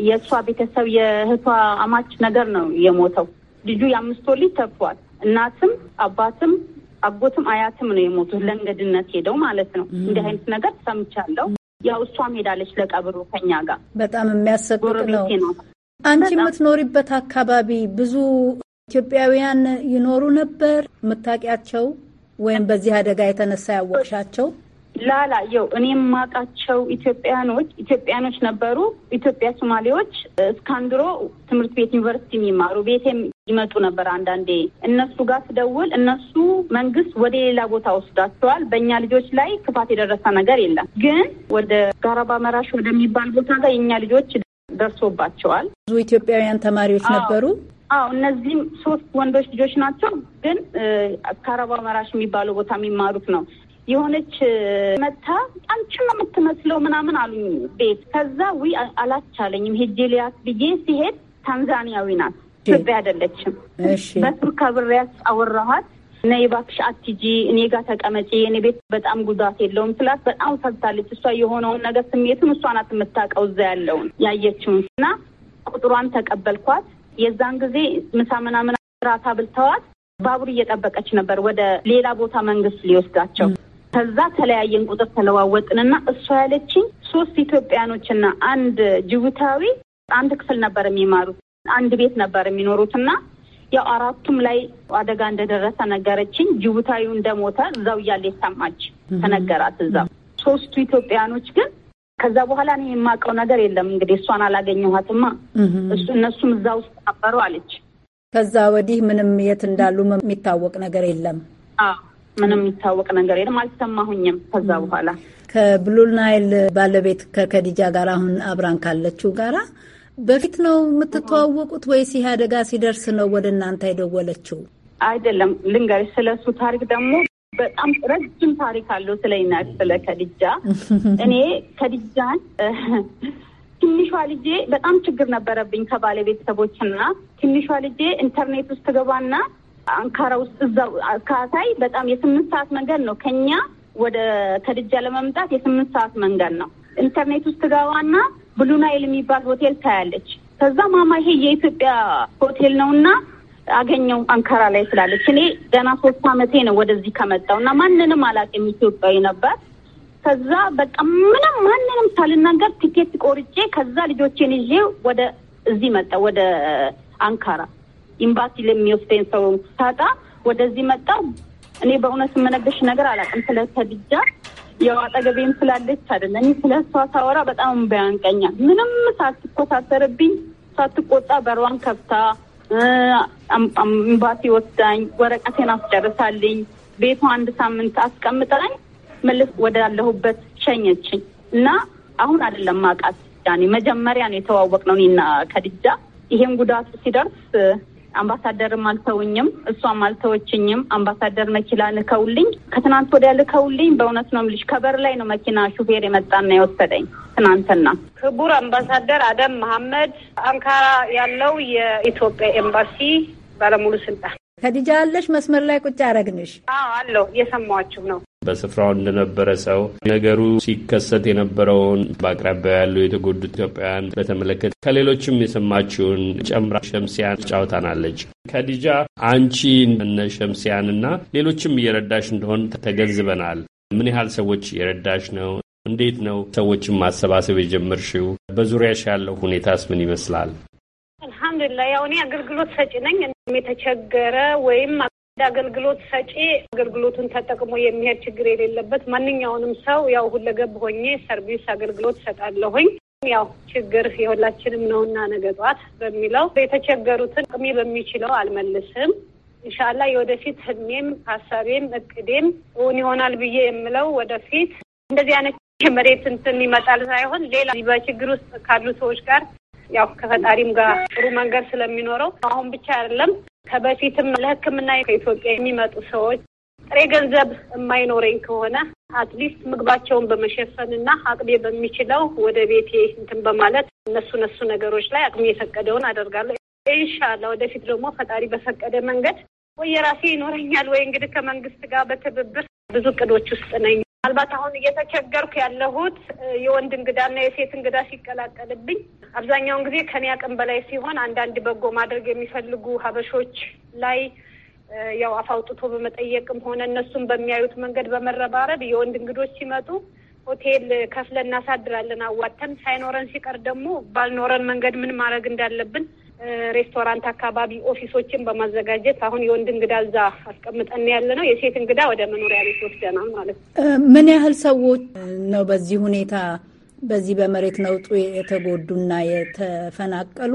የእሷ ቤተሰብ የእህቷ አማች ነገር ነው የሞተው። ልጁ የአምስት ወር ልጅ ተርፏል። እናትም አባትም አጎትም አያትም ነው የሞቱት። ለእንገድነት ሄደው ማለት ነው። እንዲህ አይነት ነገር ሰምቻለሁ። ያው እሷም ሄዳለች ለቀብሩ ከኛ ጋር። በጣም የሚያሰቅቅ ነው። አንቺ የምትኖሪበት አካባቢ ብዙ ኢትዮጵያውያን ይኖሩ ነበር የምታውቂያቸው ወይም በዚህ አደጋ የተነሳ ያወቅሻቸው? ላላ የው እኔም ማውቃቸው ኢትዮጵያኖች ኢትዮጵያኖች ነበሩ። ኢትዮጵያ ሶማሌዎች እስካንድሮ ትምህርት ቤት ዩኒቨርሲቲ የሚማሩ ቤቴም ይመጡ ነበር አንዳንዴ። እነሱ ጋር ስደውል እነሱ መንግስት ወደ ሌላ ቦታ ወስዷቸዋል። በእኛ ልጆች ላይ ክፋት የደረሰ ነገር የለም። ግን ወደ ጋራባ መራሽ ወደሚባል ቦታ ጋር የእኛ ልጆች ደርሶባቸዋል። ብዙ ኢትዮጵያውያን ተማሪዎች ነበሩ። አዎ እነዚህም ሶስት ወንዶች ልጆች ናቸው። ግን ከአረባ መራሽ የሚባለው ቦታ የሚማሩት ነው። የሆነች መታ አንቺን ነው የምትመስለው ምናምን አሉኝ ቤት። ከዛ ዊ አላቻለኝም። ሄጄ ሊያት ብዬ ሲሄድ ታንዛኒያዊ ናት፣ ኢትዮጵያ አይደለችም። በስልክ አብሬያት አወራኋት። ነይ እባክሽ አትጂ፣ እኔ ጋር ተቀመጪ፣ እኔ ቤት በጣም ጉዳት የለውም ስላት በጣም ሰብታለች። እሷ የሆነውን ነገር ስሜቱን እሷ ናት የምታውቀው እዛ ያለውን ያየችውን እና ቁጥሯን ተቀበልኳት። የዛን ጊዜ ምሳ ምናምን ራታ ብልተዋት ባቡር እየጠበቀች ነበር ወደ ሌላ ቦታ መንግስት ሊወስዳቸው። ከዛ ተለያየን፣ ቁጥር ተለዋወጥንና እሷ ያለችኝ ሶስት ኢትዮጵያኖችና አንድ ጅቡታዊ አንድ ክፍል ነበር የሚማሩት አንድ ቤት ነበር የሚኖሩት እና ያው አራቱም ላይ አደጋ እንደደረሰ ነገረችኝ። ጅቡታዊው እንደሞተ እዛው እያለ የሰማች ተነገራት። እዛው ሶስቱ ኢትዮጵያኖች ግን ከዛ በኋላ እኔ የማውቀው ነገር የለም። እንግዲህ እሷን አላገኘኋትማ እሱ እነሱም እዛ ውስጥ ነበሩ አለች። ከዛ ወዲህ ምንም የት እንዳሉ የሚታወቅ ነገር የለም። ምንም የሚታወቅ ነገር የለም። አልሰማሁኝም ከዛ በኋላ ከብሉል ናይል ባለቤት ከከዲጃ ጋር አሁን አብራን ካለችው ጋራ በፊት ነው የምትተዋወቁት ወይስ ይህ አደጋ ሲደርስ ነው ወደ እናንተ የደወለችው? አይደለም ልንገርሽ። ስለ እሱ ታሪክ ደግሞ በጣም ረጅም ታሪክ አለው ስለ ስለ ከድጃ። እኔ ከድጃን ትንሿ ልጄ በጣም ችግር ነበረብኝ ከባለ ቤተሰቦችና ትንሿ ልጄ ኢንተርኔት ውስጥ ትገባና አንካራ ውስጥ እዛው ካታይ በጣም የስምንት ሰዓት መንገድ ነው ከኛ ወደ ከድጃ ለመምጣት የስምንት ሰዓት መንገድ ነው። ኢንተርኔት ውስጥ ትገባና ብሉ የሚባል ሆቴል ታያለች። ከዛ ማማ ይሄ የኢትዮጵያ ሆቴል ነው እና አገኘው አንካራ ላይ ስላለች እኔ ገና ሶስት አመቴ ነው ወደዚህ ከመጣው እና ማንንም አላውቅም ኢትዮጵያዊ ነበር። ከዛ በቃ ምንም ማንንም ሳልናገር ቲኬት ቆርጬ ከዛ ልጆቼን ይዤ ወደ እዚህ መጣ ወደ አንካራ ኢምባሲ ለሚወስደኝ ሰው ሳጣ ወደዚህ መጣው። እኔ በእውነት የምነግርሽ ነገር አላውቅም ስለ ተድጃ ያው አጠገቤም ስላለች አይደለም እኔ ስለ እሷ ሳወራ በጣም በያንቀኛል። ምንም ሳትኮሳሰርብኝ ሳትቆጣ በሯን ከፍታ እምባሲ ወስዳኝ ወረቀቴን አስጨርሳልኝ ቤቷ አንድ ሳምንት አስቀምጠኝ መልስ ወዳለሁበት ሸኘችኝ እና አሁን አይደለም ማቃት ያኔ መጀመሪያ ነው የተዋወቅነው እኔና ከድጃ። ይሄን ጉዳቱ ሲደርስ አምባሳደርም አልተውኝም፣ እሷም አልተወችኝም። አምባሳደር መኪና ልከውልኝ፣ ከትናንት ወዲያ ልከውልኝ፣ በእውነት ነው የምልሽ ከበር ላይ ነው መኪና ሹፌር የመጣና የወሰደኝ። ትናንትና ክቡር አምባሳደር አደም መሐመድ አንካራ ያለው የኢትዮጵያ ኤምባሲ ባለሙሉ ስልጣን ከዲጃ አለሽ መስመር ላይ ቁጭ አረግንሽ። አዎ አለው እየሰማችሁ ነው። በስፍራው እንደነበረ ሰው ነገሩ ሲከሰት የነበረውን በአቅራቢያ ያሉ የተጎዱ ኢትዮጵያውያን በተመለከተ ከሌሎችም የሰማችውን ጨምራ ሸምሲያን ጫውታናለች። ከዲጃ አንቺ እነ ሸምሲያን ሌሎችም እየረዳሽ እንደሆን ተገንዝበናል። ምን ያህል ሰዎች እየረዳሽ ነው? እንዴት ነው ሰዎችን ማሰባሰብ የጀመርሽው? በዙሪያሽ ያለው ሁኔታስ ምን ይመስላል? አልሐምዱሊላህ ያው እኔ አገልግሎት ሰጪ ነኝ። የተቸገረ ወይም አገልግሎት ሰጪ አገልግሎቱን ተጠቅሞ የሚሄድ ችግር የሌለበት ማንኛውንም ሰው ያው ሁለገብ ሆኜ ሰርቪስ አገልግሎት ሰጣለሁኝ። ያው ችግር የሁላችንም ነውና ነገ ጠዋት በሚለው የተቸገሩትን አቅሜ በሚችለው አልመልስም። እንሻላ የወደፊት ህልሜም ሀሳቤም እቅዴም እውን ይሆናል ብዬ የምለው ወደፊት እንደዚህ አይነት የመሬት እንትን ይመጣል ሳይሆን ሌላ በችግር ውስጥ ካሉ ሰዎች ጋር ያው ከፈጣሪም ጋር ጥሩ መንገድ ስለሚኖረው አሁን ብቻ አይደለም ከበፊትም ለሕክምና ከኢትዮጵያ የሚመጡ ሰዎች ጥሬ ገንዘብ የማይኖረኝ ከሆነ አትሊስት ምግባቸውን በመሸፈን እና አቅሜ በሚችለው ወደ ቤቴ እንትን በማለት እነሱ እነሱ ነገሮች ላይ አቅሜ የፈቀደውን አደርጋለሁ። ኢንሻላ ወደፊት ደግሞ ፈጣሪ በፈቀደ መንገድ ወይ የራሴ ይኖረኛል ወይ እንግዲህ ከመንግስት ጋር በትብብር ብዙ እቅዶች ውስጥ ነኝ። ምናልባት አሁን እየተቸገርኩ ያለሁት የወንድ እንግዳና የሴት እንግዳ ሲቀላቀልብኝ አብዛኛውን ጊዜ ከኔ አቅም በላይ ሲሆን አንዳንድ በጎ ማድረግ የሚፈልጉ ሀበሾች ላይ ያው አፋውጥቶ በመጠየቅም ሆነ እነሱም በሚያዩት መንገድ በመረባረብ የወንድ እንግዶች ሲመጡ ሆቴል ከፍለ እናሳድራለን አዋተን፣ ሳይኖረን ሲቀር ደግሞ ባልኖረን መንገድ ምን ማድረግ እንዳለብን ሬስቶራንት አካባቢ ኦፊሶችን በማዘጋጀት አሁን የወንድ እንግዳ እዛ አስቀምጠን ያለ ነው። የሴት እንግዳ ወደ መኖሪያ ቤት ወስደናል ማለት ነው። ምን ያህል ሰዎች ነው በዚህ ሁኔታ በዚህ በመሬት ነውጡ የተጎዱና የተፈናቀሉ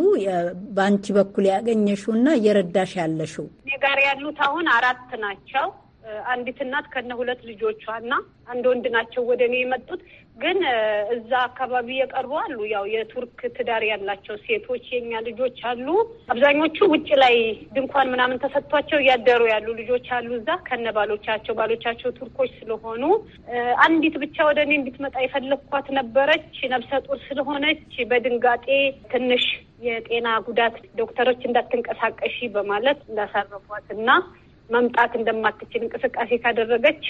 በአንቺ በኩል ያገኘሽው እና እየረዳሽ ያለሽው? እኔ ጋር ያሉት አሁን አራት ናቸው። አንዲት እናት ከነ ሁለት ልጆቿ እና አንድ ወንድ ናቸው ወደ እኔ የመጡት ግን እዛ አካባቢ የቀሩ አሉ። ያው የቱርክ ትዳር ያላቸው ሴቶች የኛ ልጆች አሉ። አብዛኞቹ ውጭ ላይ ድንኳን ምናምን ተሰጥቷቸው እያደሩ ያሉ ልጆች አሉ። እዛ ከነ ባሎቻቸው ባሎቻቸው ቱርኮች ስለሆኑ አንዲት ብቻ ወደ እኔ እንድትመጣ የፈለግኳት ነበረች። ነብሰ ጡር ስለሆነች በድንጋጤ ትንሽ የጤና ጉዳት ዶክተሮች እንዳትንቀሳቀሺ በማለት እንዳሳረፏት እና መምጣት እንደማትችል እንቅስቃሴ ካደረገች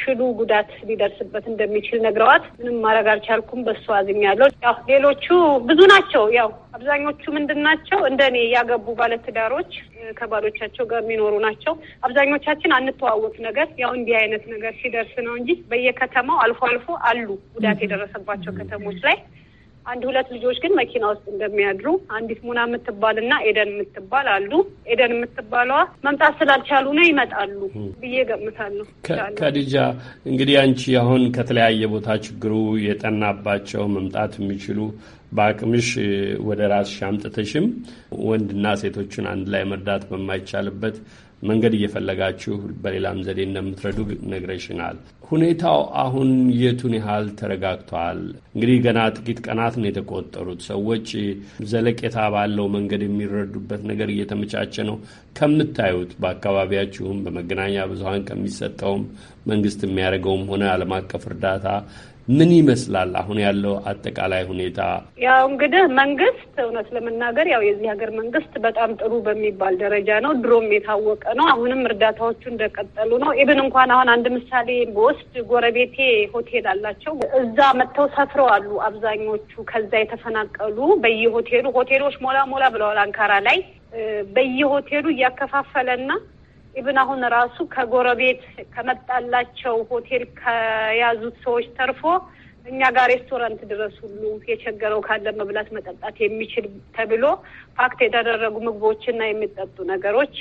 ሽሉ ጉዳት ሊደርስበት እንደሚችል ነግረዋት ምንም ማድረግ አልቻልኩም። በሱ አዝኛለሁ። ያው ሌሎቹ ብዙ ናቸው። ያው አብዛኞቹ ምንድን ናቸው እንደ እኔ ያገቡ ባለትዳሮች ከባሎቻቸው ጋር የሚኖሩ ናቸው። አብዛኞቻችን አንተዋወቅ ነገር ያው እንዲህ አይነት ነገር ሲደርስ ነው እንጂ በየከተማው አልፎ አልፎ አሉ ጉዳት የደረሰባቸው ከተሞች ላይ አንድ ሁለት ልጆች ግን መኪና ውስጥ እንደሚያድሩ አንዲት ሙና የምትባል እና ኤደን የምትባል አሉ። ኤደን የምትባለዋ መምጣት ስላልቻሉ ነው ይመጣሉ ብዬ ገምታለሁ። ከዲጃ እንግዲህ አንቺ አሁን ከተለያየ ቦታ ችግሩ የጠናባቸው መምጣት የሚችሉ በአቅምሽ ወደ ራስሽ አምጥተሽም ወንድና ሴቶችን አንድ ላይ መርዳት በማይቻልበት መንገድ እየፈለጋችሁ በሌላም ዘዴ እንደምትረዱ ነግረሽናል። ሁኔታው አሁን የቱን ያህል ተረጋግቷል? እንግዲህ ገና ጥቂት ቀናት ነው የተቆጠሩት። ሰዎች ዘለቄታ ባለው መንገድ የሚረዱበት ነገር እየተመቻቸ ነው ከምታዩት በአካባቢያችሁም፣ በመገናኛ ብዙኃን ከሚሰጠውም መንግስት የሚያደርገውም ሆነ ዓለም አቀፍ እርዳታ ምን ይመስላል አሁን ያለው አጠቃላይ ሁኔታ? ያው እንግዲህ መንግስት እውነት ለመናገር ያው የዚህ ሀገር መንግስት በጣም ጥሩ በሚባል ደረጃ ነው። ድሮም የታወቀ ነው። አሁንም እርዳታዎቹ እንደቀጠሉ ነው። ኢብን እንኳን አሁን አንድ ምሳሌ በወስድ ጎረቤቴ ሆቴል አላቸው። እዛ መጥተው ሰፍረው አሉ አብዛኞቹ ከዛ የተፈናቀሉ በየሆቴሉ ሆቴሎች ሞላ ሞላ ብለዋል አንካራ ላይ በየሆቴሉ እያከፋፈለና ኢብን አሁን ራሱ ከጎረቤት ከመጣላቸው ሆቴል ከያዙት ሰዎች ተርፎ እኛ ጋር ሬስቶራንት ድረስ ሁሉ የቸገረው ካለ መብላት መጠጣት የሚችል ተብሎ ፓክት የተደረጉ ምግቦችና የሚጠጡ ነገሮች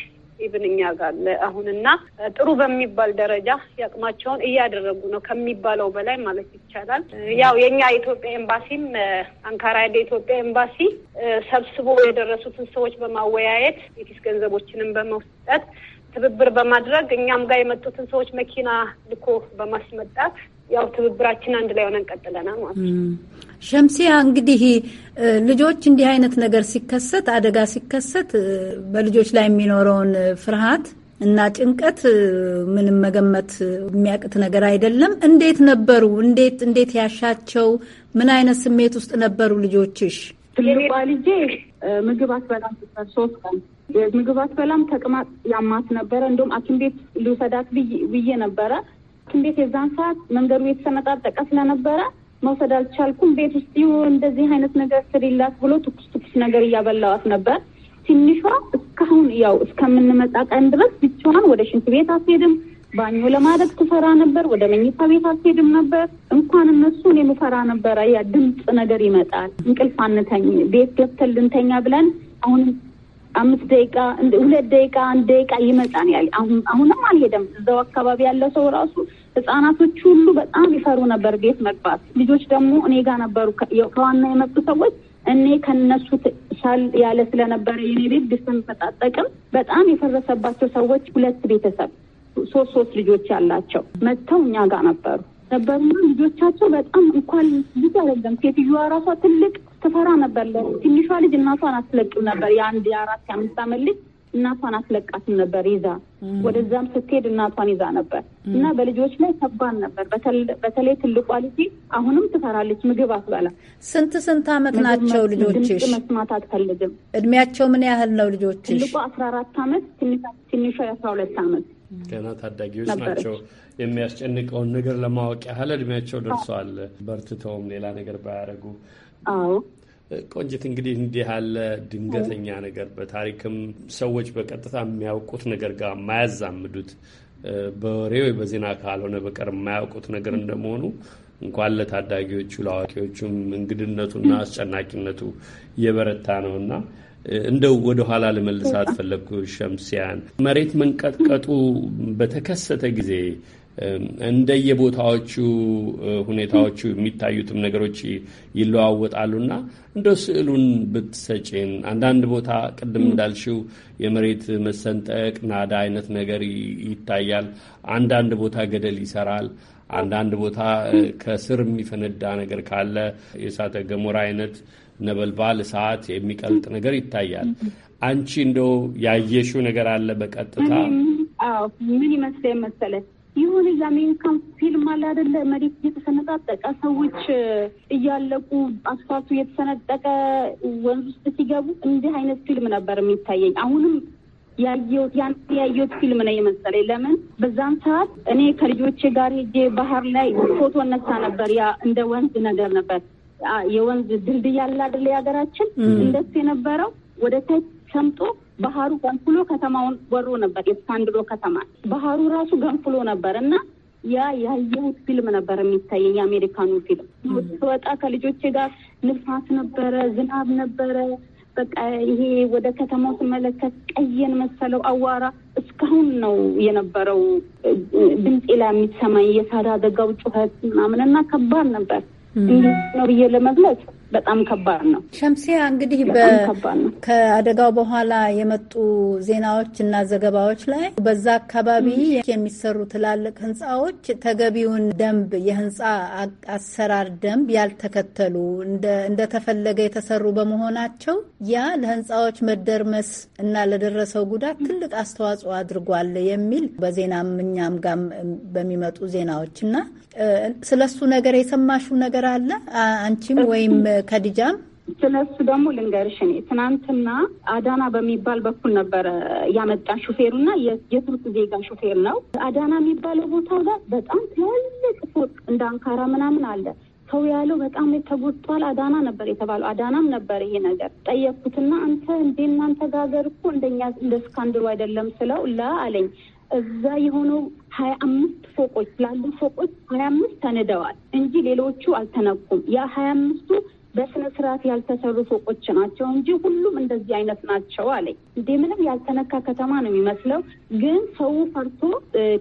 ኢብን እኛ ጋር አሁንና ጥሩ በሚባል ደረጃ ያቅማቸውን እያደረጉ ነው ከሚባለው በላይ ማለት ይቻላል። ያው የኛ የኢትዮጵያ ኤምባሲም አንካራ ያለ የኢትዮጵያ ኤምባሲ ሰብስቦ የደረሱትን ሰዎች በማወያየት የኪስ ገንዘቦችንም በመስጠት ትብብር በማድረግ እኛም ጋር የመጡትን ሰዎች መኪና ልኮ በማስመጣት ያው ትብብራችን አንድ ላይ ሆነን ቀጥለናል ማለት ነው። ሸምሲያ እንግዲህ ልጆች እንዲህ አይነት ነገር ሲከሰት አደጋ ሲከሰት በልጆች ላይ የሚኖረውን ፍርሃት እና ጭንቀት ምንም መገመት የሚያቅት ነገር አይደለም። እንዴት ነበሩ? እንዴት እንዴት ያሻቸው? ምን አይነት ስሜት ውስጥ ነበሩ ልጆችሽ? ትልቋ ልጄ ምግብ አትበላም ሶስት ቀን ምግብ አትበላም፣ ተቅማጥ ያማት ነበረ። እንደውም ሐኪም ቤት ልውሰዳት ብዬ ነበረ። ሐኪም ቤት የዛን ሰዓት መንገዱ የተሰነጣጠቀ ስለነበረ መውሰድ አልቻልኩም። ቤት ውስጥ ይሁ እንደዚህ አይነት ነገር ስሪላት ብሎ ትኩስ ትኩስ ነገር እያበላዋት ነበር። ትንሿ እስካሁን ያው እስከምንመጣ ቀን ድረስ ብቻዋን ወደ ሽንት ቤት አትሄድም። ባኞ ለማድረግ ትፈራ ነበር። ወደ መኝታ ቤት አትሄድም ነበር። እንኳን እነሱ እኔም እፈራ ነበረ። ያ ድምፅ ነገር ይመጣል። እንቅልፍ አንተኝ ቤት ገብተን ልንተኛ ብለን አሁንም አምስት ደቂቃ ሁለት ደቂቃ አንድ ደቂቃ ይመጣል። ያ አሁንም አልሄደም። እዛው አካባቢ ያለ ሰው ራሱ ህጻናቶች ሁሉ በጣም ይፈሩ ነበር ቤት መግባት። ልጆች ደግሞ እኔ ጋር ነበሩ ከዋና የመጡ ሰዎች እኔ ከነሱ ሻል ያለ ስለነበረ የኔ ቤት መጣጠቅም በጣም የፈረሰባቸው ሰዎች ሁለት ቤተሰብ ሶስት ሶስት ልጆች ያላቸው መጥተው እኛ ጋር ነበሩ ነበሩና ልጆቻቸው በጣም እንኳን ልጅ አይደለም ሴትዮዋ ራሷ ትልቅ ትፈራ ነበር። ትንሿ ልጅ እናቷን አትለቅም ነበር። የአንድ የአራት የአምስት ዓመት ልጅ እናቷን አትለቃትም ነበር ይዛ ወደዛም ስትሄድ እናቷን ይዛ ነበር እና በልጆች ላይ ከባድ ነበር። በተለይ ትልቋ ልጅ አሁንም ትፈራለች፣ ምግብ አትበላ። ስንት ስንት አመት ናቸው ልጆችሽ? መስማት አትፈልግም። እድሜያቸው ምን ያህል ነው ልጆች? ትልቋ አስራ አራት አመት ትንሿ የአስራ ሁለት አመት ገና ታዳጊዎች ናቸው። የሚያስጨንቀውን ነገር ለማወቅ ያህል እድሜያቸው ደርሰዋል። በርትተውም ሌላ ነገር ባያደርጉ አዎ ቆንጅት፣ እንግዲህ እንዲህ ያለ ድንገተኛ ነገር በታሪክም ሰዎች በቀጥታ የሚያውቁት ነገር ጋር የማያዛምዱት በወሬ ወይ በዜና ካልሆነ በቀር የማያውቁት ነገር እንደመሆኑ እንኳን ለታዳጊዎቹ ለአዋቂዎቹም እንግድነቱና አስጨናቂነቱ የበረታ ነውና እንደው ወደኋላ ልመልሳት ፈለግኩ። ሸምሲያን መሬት መንቀጥቀጡ በተከሰተ ጊዜ እንደየቦታዎቹ ሁኔታዎቹ የሚታዩትም ነገሮች ይለዋወጣሉና እንደ ስዕሉን ብትሰጪን። አንዳንድ ቦታ ቅድም እንዳልሽው የመሬት መሰንጠቅ ናዳ አይነት ነገር ይታያል። አንዳንድ ቦታ ገደል ይሰራል። አንዳንድ ቦታ ከስር የሚፈነዳ ነገር ካለ የእሳተ ገሞራ አይነት ነበልባል፣ እሳት የሚቀልጥ ነገር ይታያል። አንቺ እንደው ያየሽው ነገር አለ በቀጥታ ምን ይመስለ መሰለሽ ይሁን የአሜሪካን ፊልም አለ አይደለ? መሬት እየተሰነጣጠቀ ሰዎች እያለቁ አስፋልቱ እየተሰነጠቀ ወንዝ ውስጥ ሲገቡ እንዲህ አይነት ፊልም ነበር የሚታየኝ። አሁንም ያየሁት ያን ያየሁት ፊልም ነው የመሰለኝ። ለምን በዛም ሰዓት እኔ ከልጆቼ ጋር ሄጄ ባህር ላይ ፎቶ እነሳ ነበር። ያ እንደ ወንዝ ነገር ነበር። የወንዝ ድልድይ አለ አይደለ? የሀገራችን እንደሱ የነበረው ወደ ታች ሰምጦ ባህሩ ገንፍሎ ከተማውን ወሮ ነበር። የእስካንድሮ ከተማ ባህሩ ራሱ ገንፍሎ ነበር እና ያ ያየሁት ፊልም ነበር የሚታየኝ የአሜሪካኑ ፊልም። ስወጣ ከልጆቼ ጋር ንፋስ ነበረ፣ ዝናብ ነበረ። በቃ ይሄ ወደ ከተማው ስመለከት ቀየን መሰለው አዋራ እስካሁን ነው የነበረው ድምፄ ላይ የሚሰማኝ የሳር አደጋው ጩኸት ምናምን እና ከባድ ነበር። እንዴት ነው ብዬ ለመግለጽ በጣም ከባድ ነው። ሸምሲያ እንግዲህ ከአደጋው በኋላ የመጡ ዜናዎች እና ዘገባዎች ላይ በዛ አካባቢ የሚሰሩ ትላልቅ ህንፃዎች ተገቢውን ደንብ የህንፃ አሰራር ደንብ ያልተከተሉ እንደተፈለገ የተሰሩ በመሆናቸው ያ ለህንፃዎች መደርመስ እና ለደረሰው ጉዳት ትልቅ አስተዋጽኦ አድርጓል የሚል በዜናም እኛም ጋር በሚመጡ ዜናዎች እና ስለሱ ነገር የሰማሹ ነገር አለ አንቺም ወይም ከዲጃም ስለሱ ደግሞ ልንገርሽ እኔ ትናንትና አዳና በሚባል በኩል ነበረ ያመጣን ሹፌሩና የቱርክ ዜጋ ሹፌር ነው። አዳና የሚባለው ቦታው ጋር በጣም ትላልቅ ፎቅ እንደ አንካራ ምናምን አለ። ሰው ያለው በጣም ተጎድቷል። አዳና ነበር የተባለው። አዳናም ነበር ይሄ ነገር ጠየቅኩትና፣ አንተ እንደ እናንተ ጋገር እኮ እንደኛ እንደ እስካንድሩ አይደለም ስለው ላ አለኝ። እዛ የሆነው ሀያ አምስት ፎቆች ላሉ ፎቆች ሀያ አምስት ተንደዋል እንጂ ሌሎቹ አልተነኩም። ያ ሀያ አምስቱ በስነ ስርዓት ያልተሰሩ ፎቆች ናቸው እንጂ ሁሉም እንደዚህ አይነት ናቸው አለኝ። እንዴ ምንም ያልተነካ ከተማ ነው የሚመስለው፣ ግን ሰው ፈርቶ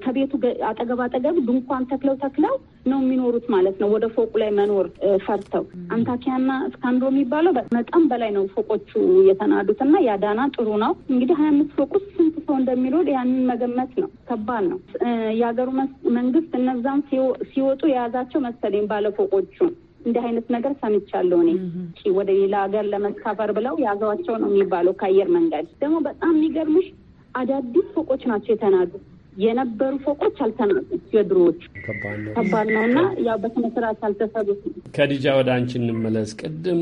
ከቤቱ አጠገብ አጠገብ ድንኳን ተክለው ተክለው ነው የሚኖሩት ማለት ነው። ወደ ፎቁ ላይ መኖር ፈርተው አንታኪያና እስካንዶ የሚባለው በጣም በላይ ነው ፎቆቹ የተናዱት እና ያዳና ጥሩ ነው እንግዲህ ሀያ አምስት ፎቁ ውስጥ ስንት ሰው እንደሚኖር ያንን መገመት ነው ከባድ ነው። የሀገሩ መንግስት እነዛም ሲወጡ የያዛቸው መሰለኝ ባለፎቆቹን እንዲህ አይነት ነገር ሰምቻለሁ እኔ። ወደ ሌላ ሀገር ለመሳፈር ብለው ያዘዋቸው ነው የሚባለው ከአየር መንገድ። ደግሞ በጣም የሚገርምሽ አዳዲስ ፎቆች ናቸው የተናዱ የነበሩ ፎቆች አልተናቁም። የድሮዎቹ ከባድ ነው እና ያው በስነ አልተሰሩት። ከዲጃ ወደ አንቺ እንመለስ። ቅድም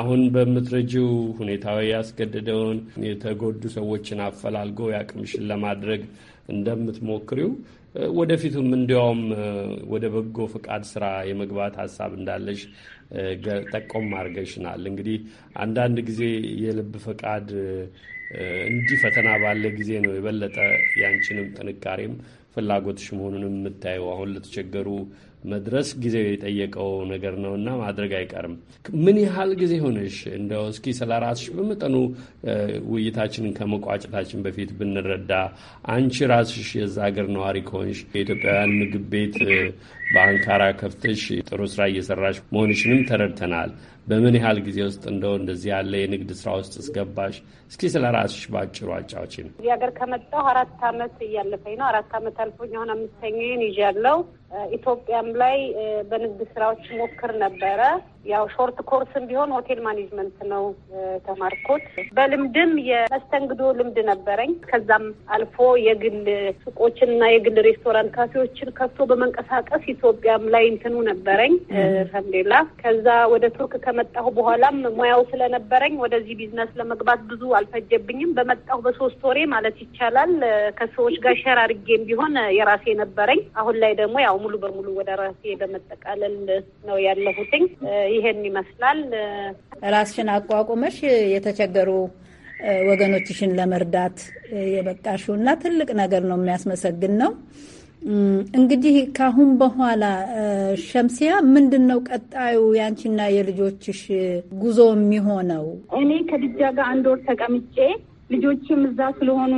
አሁን በምትረጂው ሁኔታዊ ያስገደደውን የተጎዱ ሰዎችን አፈላልጎ ያቅምሽን ለማድረግ እንደምትሞክሪው ወደፊቱም እንዲያውም ወደ በጎ ፍቃድ ስራ የመግባት ሀሳብ እንዳለሽ ጠቆም አድርገሽናል። እንግዲህ አንዳንድ ጊዜ የልብ ፈቃድ እንዲህ ፈተና ባለ ጊዜ ነው የበለጠ ያንቺንም ጥንካሬም ፍላጎትሽ መሆኑንም የምታየው አሁን ለተቸገሩ መድረስ ጊዜው የጠየቀው ነገር ነው እና ማድረግ አይቀርም። ምን ያህል ጊዜ ሆነሽ? እንደው እስኪ ስለ ራስሽ በመጠኑ ውይይታችንን ከመቋጨታችን በፊት ብንረዳ፣ አንቺ ራስሽ የዛ ሀገር ነዋሪ ከሆንሽ የኢትዮጵያውያን ምግብ ቤት በአንካራ ከፍተሽ ጥሩ ስራ እየሰራሽ መሆንሽንም ተረድተናል። በምን ያህል ጊዜ ውስጥ እንደው እንደዚህ ያለ የንግድ ስራ ውስጥ እስገባሽ? እስኪ ስለ ራስሽ በአጭሩ አጫዎች ነው። እዚህ ሀገር ከመጣሁ አራት አመት እያለፈኝ ነው። አራት አመት አልፎኝ አሁን አምስተኛዬን ይዣለሁ። ኢትዮጵያም ላይ በንግድ ስራዎች ሞክር ነበረ ያው ሾርት ኮርስም ቢሆን ሆቴል ማኔጅመንት ነው ተማርኮት። በልምድም የመስተንግዶ ልምድ ነበረኝ። ከዛም አልፎ የግል ሱቆችንና የግል ሬስቶራንት ካፌዎችን ከፍቶ በመንቀሳቀስ ኢትዮጵያም ላይ እንትኑ ነበረኝ አልሐምዱሊላ። ከዛ ወደ ቱርክ ከመጣሁ በኋላም ሙያው ስለነበረኝ ወደዚህ ቢዝነስ ለመግባት ብዙ አልፈጀብኝም። በመጣሁ በሶስት ወሬ ማለት ይቻላል ከሰዎች ጋር ሸር አድርጌም ቢሆን የራሴ ነበረኝ። አሁን ላይ ደግሞ ያው ሙሉ በሙሉ ወደ ራሴ በመጠቃለል ነው ያለሁትኝ። ይሄን ይመስላል። ራስሽን አቋቁመሽ የተቸገሩ ወገኖችሽን ለመርዳት የበቃሽው እና ትልቅ ነገር ነው፣ የሚያስመሰግን ነው። እንግዲህ ከአሁን በኋላ ሸምሲያ ምንድን ነው ቀጣዩ ያንቺና የልጆችሽ ጉዞ የሚሆነው? እኔ ከድጃ ጋር አንድ ወር ተቀምጬ ልጆችም እዛ ስለሆኑ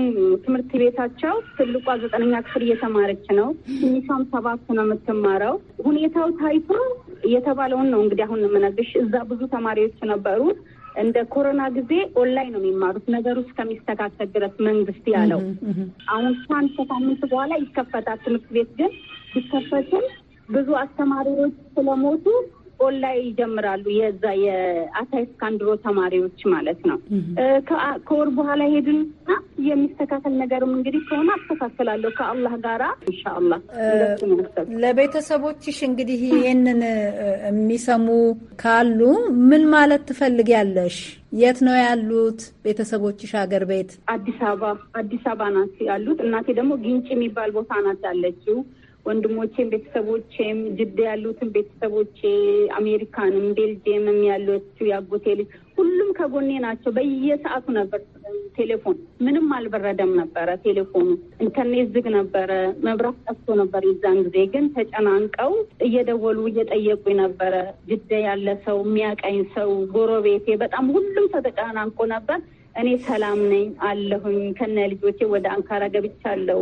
ትምህርት ቤታቸው ትልቋ ዘጠነኛ ክፍል እየተማረች ነው፣ ትንሿም ሰባት ነው የምትማረው። ሁኔታው ታይቶ የተባለውን ነው እንግዲህ አሁን የምነግርሽ። እዛ ብዙ ተማሪዎች ነበሩ። እንደ ኮሮና ጊዜ ኦንላይን ነው የሚማሩት ነገሩ እስከሚስተካከል ድረስ መንግስት ያለው። አሁን ከአንድ ከሳምንት በኋላ ይከፈታል ትምህርት ቤት። ግን ቢከፈትም ብዙ አስተማሪዎች ስለሞቱ ኦንላይን ይጀምራሉ። የዛ የአታይ እስካንድሮ ተማሪዎች ማለት ነው። ከወር በኋላ ሄድና የሚስተካከል ነገርም እንግዲህ ከሆነ አስተካከላለሁ ከአላህ ጋራ እንሻአላ። ለቤተሰቦችሽ እንግዲህ ይህንን የሚሰሙ ካሉ ምን ማለት ትፈልጊያለሽ? የት ነው ያሉት ቤተሰቦችሽ? ሀገር ቤት አዲስ አበባ አዲስ አበባ ናት ያሉት። እናቴ ደግሞ ግንጭ የሚባል ቦታ ናት ያለችው ወንድሞቼም ቤተሰቦቼም ጅዳ ያሉትን ቤተሰቦቼ አሜሪካንም ቤልጅየምም ያሉት ያጎቴ ልጅ ሁሉም ከጎኔ ናቸው። በየሰዓቱ ነበር ቴሌፎን። ምንም አልበረደም ነበረ ቴሌፎኑ። ኢንተርኔት ዝግ ነበረ፣ መብራት ጠፍቶ ነበር። የዛን ጊዜ ግን ተጨናንቀው እየደወሉ እየጠየቁ ነበረ። ጅዳ ያለ ሰው፣ የሚያቀኝ ሰው፣ ጎረቤቴ፣ በጣም ሁሉም ሰው ተጨናንቆ ነበር። እኔ ሰላም ነኝ አለሁኝ ከነ ልጆቼ ወደ አንካራ ገብቻለሁ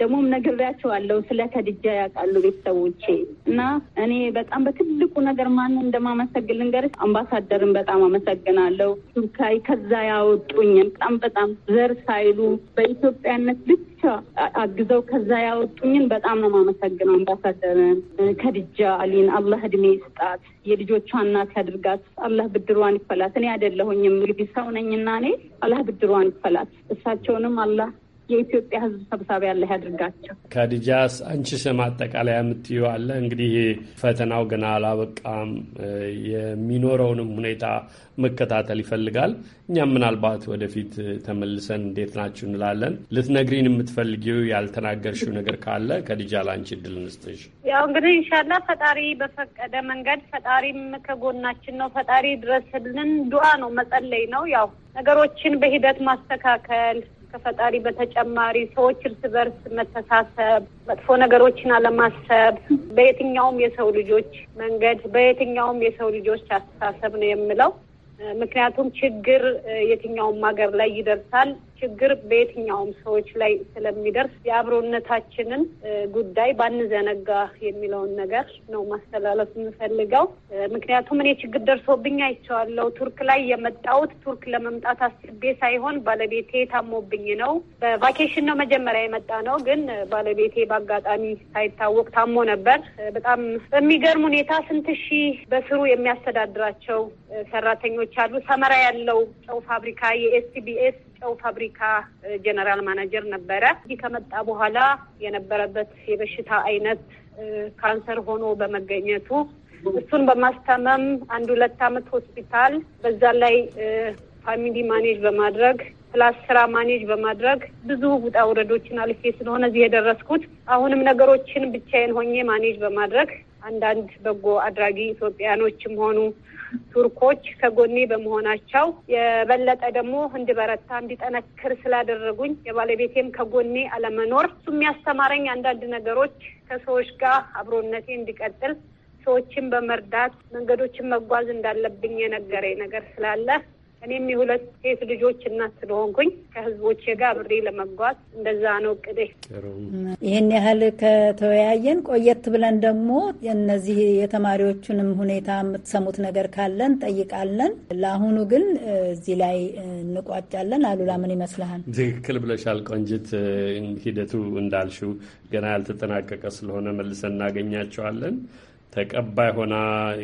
ደግሞም ነግሬያቸዋለሁ። ስለ ከድጃ ያውቃሉ ቤተሰቦቼ እና እኔ በጣም በትልቁ ነገር ማንን እንደማመሰግን ልንገርሽ። አምባሳደርን በጣም አመሰግናለሁ። ቱርካይ ከዛ ያወጡኝ በጣም በጣም ዘር ሳይሉ በኢትዮጵያነት ብ አግዘው ከዛ ያወጡኝን በጣም ነው ማመሰግነው አምባሳደርን ከድጃ አሊን አላህ እድሜ ስጣት የልጆቿ እናት ያድርጋት። አላህ ብድሯን ይፈላት። እኔ አደለሁኝም እንግዲህ ሰው ነኝና እኔ አላህ ብድሯን ይፈላት። እሳቸውንም አላህ የኢትዮጵያ ሕዝብ ሰብሳቢ ያለ ያድርጋቸው። ከዲጃስ አንቺስ ማጠቃለያ የምትዩ አለ? እንግዲህ ፈተናው ገና አላበቃም። የሚኖረውንም ሁኔታ መከታተል ይፈልጋል። እኛም ምናልባት ወደፊት ተመልሰን እንዴት ናችሁ እንላለን። ልትነግሪን የምትፈልጊው ያልተናገርሽው ነገር ካለ ከዲጃ ላንቺ እድል እንስጥሽ። ያው እንግዲህ እንሻላ ፈጣሪ በፈቀደ መንገድ ፈጣሪም ከጎናችን ነው። ፈጣሪ ድረስልን ዱዓ ነው መጸለይ ነው። ያው ነገሮችን በሂደት ማስተካከል ከፈጣሪ በተጨማሪ ሰዎች እርስ በርስ መተሳሰብ፣ መጥፎ ነገሮችን አለማሰብ በየትኛውም የሰው ልጆች መንገድ በየትኛውም የሰው ልጆች አስተሳሰብ ነው የምለው። ምክንያቱም ችግር የትኛውም ሀገር ላይ ይደርሳል። ችግር በየትኛውም ሰዎች ላይ ስለሚደርስ የአብሮነታችንን ጉዳይ ባንዘነጋ የሚለውን ነገር ነው ማስተላለፍ የምፈልገው። ምክንያቱም እኔ ችግር ደርሶብኝ አይቼዋለሁ። ቱርክ ላይ የመጣሁት ቱርክ ለመምጣት አስቤ ሳይሆን ባለቤቴ ታሞብኝ ነው። በቫኬሽን ነው መጀመሪያ የመጣ ነው፣ ግን ባለቤቴ በአጋጣሚ ሳይታወቅ ታሞ ነበር። በጣም በሚገርም ሁኔታ ስንት ሺህ በስሩ የሚያስተዳድራቸው ሰራተኞች አሉ። ሰመራ ያለው ጨው ፋብሪካ የኤስቲቢኤስ ጨው ፋብሪካ ጀነራል ማናጀር ነበረ። እዚህ ከመጣ በኋላ የነበረበት የበሽታ አይነት ካንሰር ሆኖ በመገኘቱ እሱን በማስታመም አንድ ሁለት አመት ሆስፒታል በዛ ላይ ፋሚሊ ማኔጅ በማድረግ ፕላስ ስራ ማኔጅ በማድረግ ብዙ ውጣ ውረዶችን አልፌ ስለሆነ እዚህ የደረስኩት አሁንም ነገሮችን ብቻዬን ሆኜ ማኔጅ በማድረግ አንዳንድ በጎ አድራጊ ኢትዮጵያኖችም ሆኑ ቱርኮች ከጎኔ በመሆናቸው የበለጠ ደግሞ እንድበረታ እንዲጠነክር ስላደረጉኝ የባለቤቴም ከጎኔ አለመኖር እሱ የሚያስተማረኝ አንዳንድ ነገሮች ከሰዎች ጋር አብሮነቴ እንዲቀጥል ሰዎችን በመርዳት መንገዶችን መጓዝ እንዳለብኝ የነገረኝ ነገር ስላለ እኔም የሁለት ሴት ልጆች እናት ስለሆንኩኝ ከህዝቦቼ ጋር አብሬ ለመጓዝ እንደዛ ነው እቅዴ። ይህን ያህል ከተወያየን ቆየት ብለን ደግሞ እነዚህ የተማሪዎቹንም ሁኔታ የምትሰሙት ነገር ካለን ጠይቃለን። ለአሁኑ ግን እዚህ ላይ እንቋጫለን። አሉላ ምን ይመስልሃል? ትክክል ብለሻል ቆንጅት። ሂደቱ እንዳልሽው ገና ያልተጠናቀቀ ስለሆነ መልሰን እናገኛቸዋለን። ተቀባይ ሆና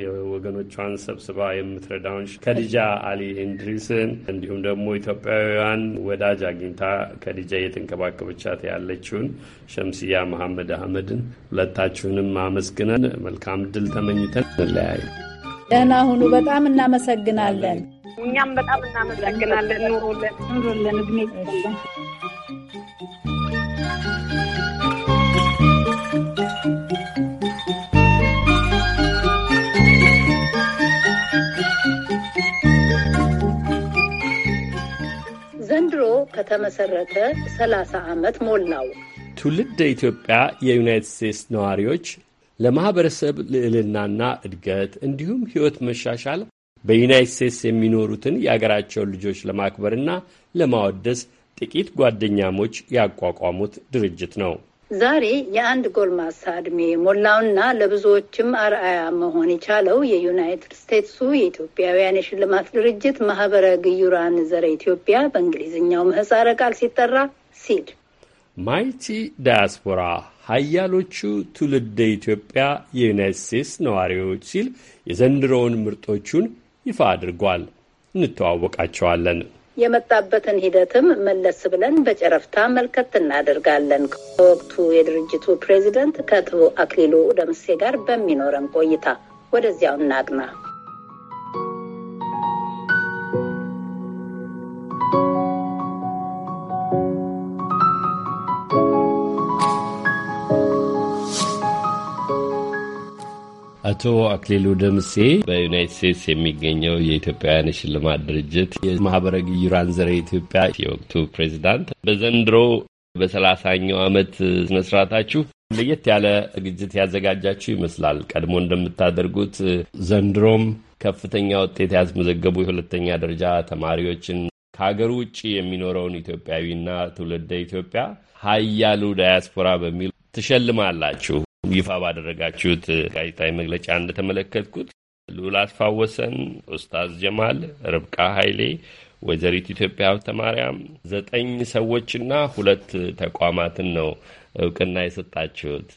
የወገኖቿን ሰብስባ የምትረዳውን ከዲጃ አሊ ኢንድሪስን እንዲሁም ደግሞ ኢትዮጵያውያን ወዳጅ አግኝታ ከዲጃ እየተንከባከበቻት ያለችውን ሸምስያ መሐመድ አህመድን ሁለታችሁንም አመስግነን መልካም ድል ተመኝተን እንለያዩ። ደህና ሁኑ። በጣም እናመሰግናለን። እኛም በጣም እናመሰግናለን። ኑሮለን ኑሮለን እድሜ ከተመሰረተ 30 ዓመት ሞላው። ትውልደ ኢትዮጵያ የዩናይትድ ስቴትስ ነዋሪዎች ለማኅበረሰብ ልዕልናና እድገት እንዲሁም ሕይወት መሻሻል በዩናይትድ ስቴትስ የሚኖሩትን የአገራቸውን ልጆች ለማክበርና ለማወደስ ጥቂት ጓደኛሞች ያቋቋሙት ድርጅት ነው። ዛሬ የአንድ ጎልማሳ እድሜ የሞላውና ለብዙዎችም አርአያ መሆን የቻለው የዩናይትድ ስቴትሱ የኢትዮጵያውያን የሽልማት ድርጅት ማህበረ ግዩራን ዘረ ኢትዮጵያ በእንግሊዝኛው ምህፃረ ቃል ሲጠራ ሲድ ማይቲ ዳያስፖራ ሀያሎቹ ትውልደ ኢትዮጵያ የዩናይትድ ስቴትስ ነዋሪዎች ሲል የዘንድሮውን ምርጦቹን ይፋ አድርጓል። እንተዋወቃቸዋለን። የመጣበትን ሂደትም መለስ ብለን በጨረፍታ መልከት እናደርጋለን። ከወቅቱ የድርጅቱ ፕሬዚደንት ከአቶ አክሊሉ ደምሴ ጋር በሚኖረን ቆይታ ወደዚያው እናቅና። አቶ አክሊሉ ደምሴ በዩናይት ስቴትስ የሚገኘው የኢትዮጵያውያን ሽልማት ድርጅት የማህበረ ግዩራን ዘረ ኢትዮጵያ የወቅቱ ፕሬዚዳንት፣ በዘንድሮ በሰላሳኛው ዓመት ስነስርዓታችሁ ለየት ያለ ዝግጅት ያዘጋጃችሁ ይመስላል። ቀድሞ እንደምታደርጉት ዘንድሮም ከፍተኛ ውጤት ያስመዘገቡ የሁለተኛ ደረጃ ተማሪዎችን ከሀገር ውጭ የሚኖረውን ኢትዮጵያዊና ትውልደ ኢትዮጵያ ሀያሉ ዳያስፖራ በሚል ትሸልማላችሁ። ይፋ ባደረጋችሁት ጋዜጣዊ መግለጫ እንደተመለከትኩት ልዑል ወሰን፣ ኡስታዝ ጀማል፣ ርብቃ ኃይሌ፣ ወይዘሪት ኢትዮጵያ ሀብተ ማርያም ዘጠኝ ሰዎችና ሁለት ተቋማትን ነው እውቅና የሰጣችሁት።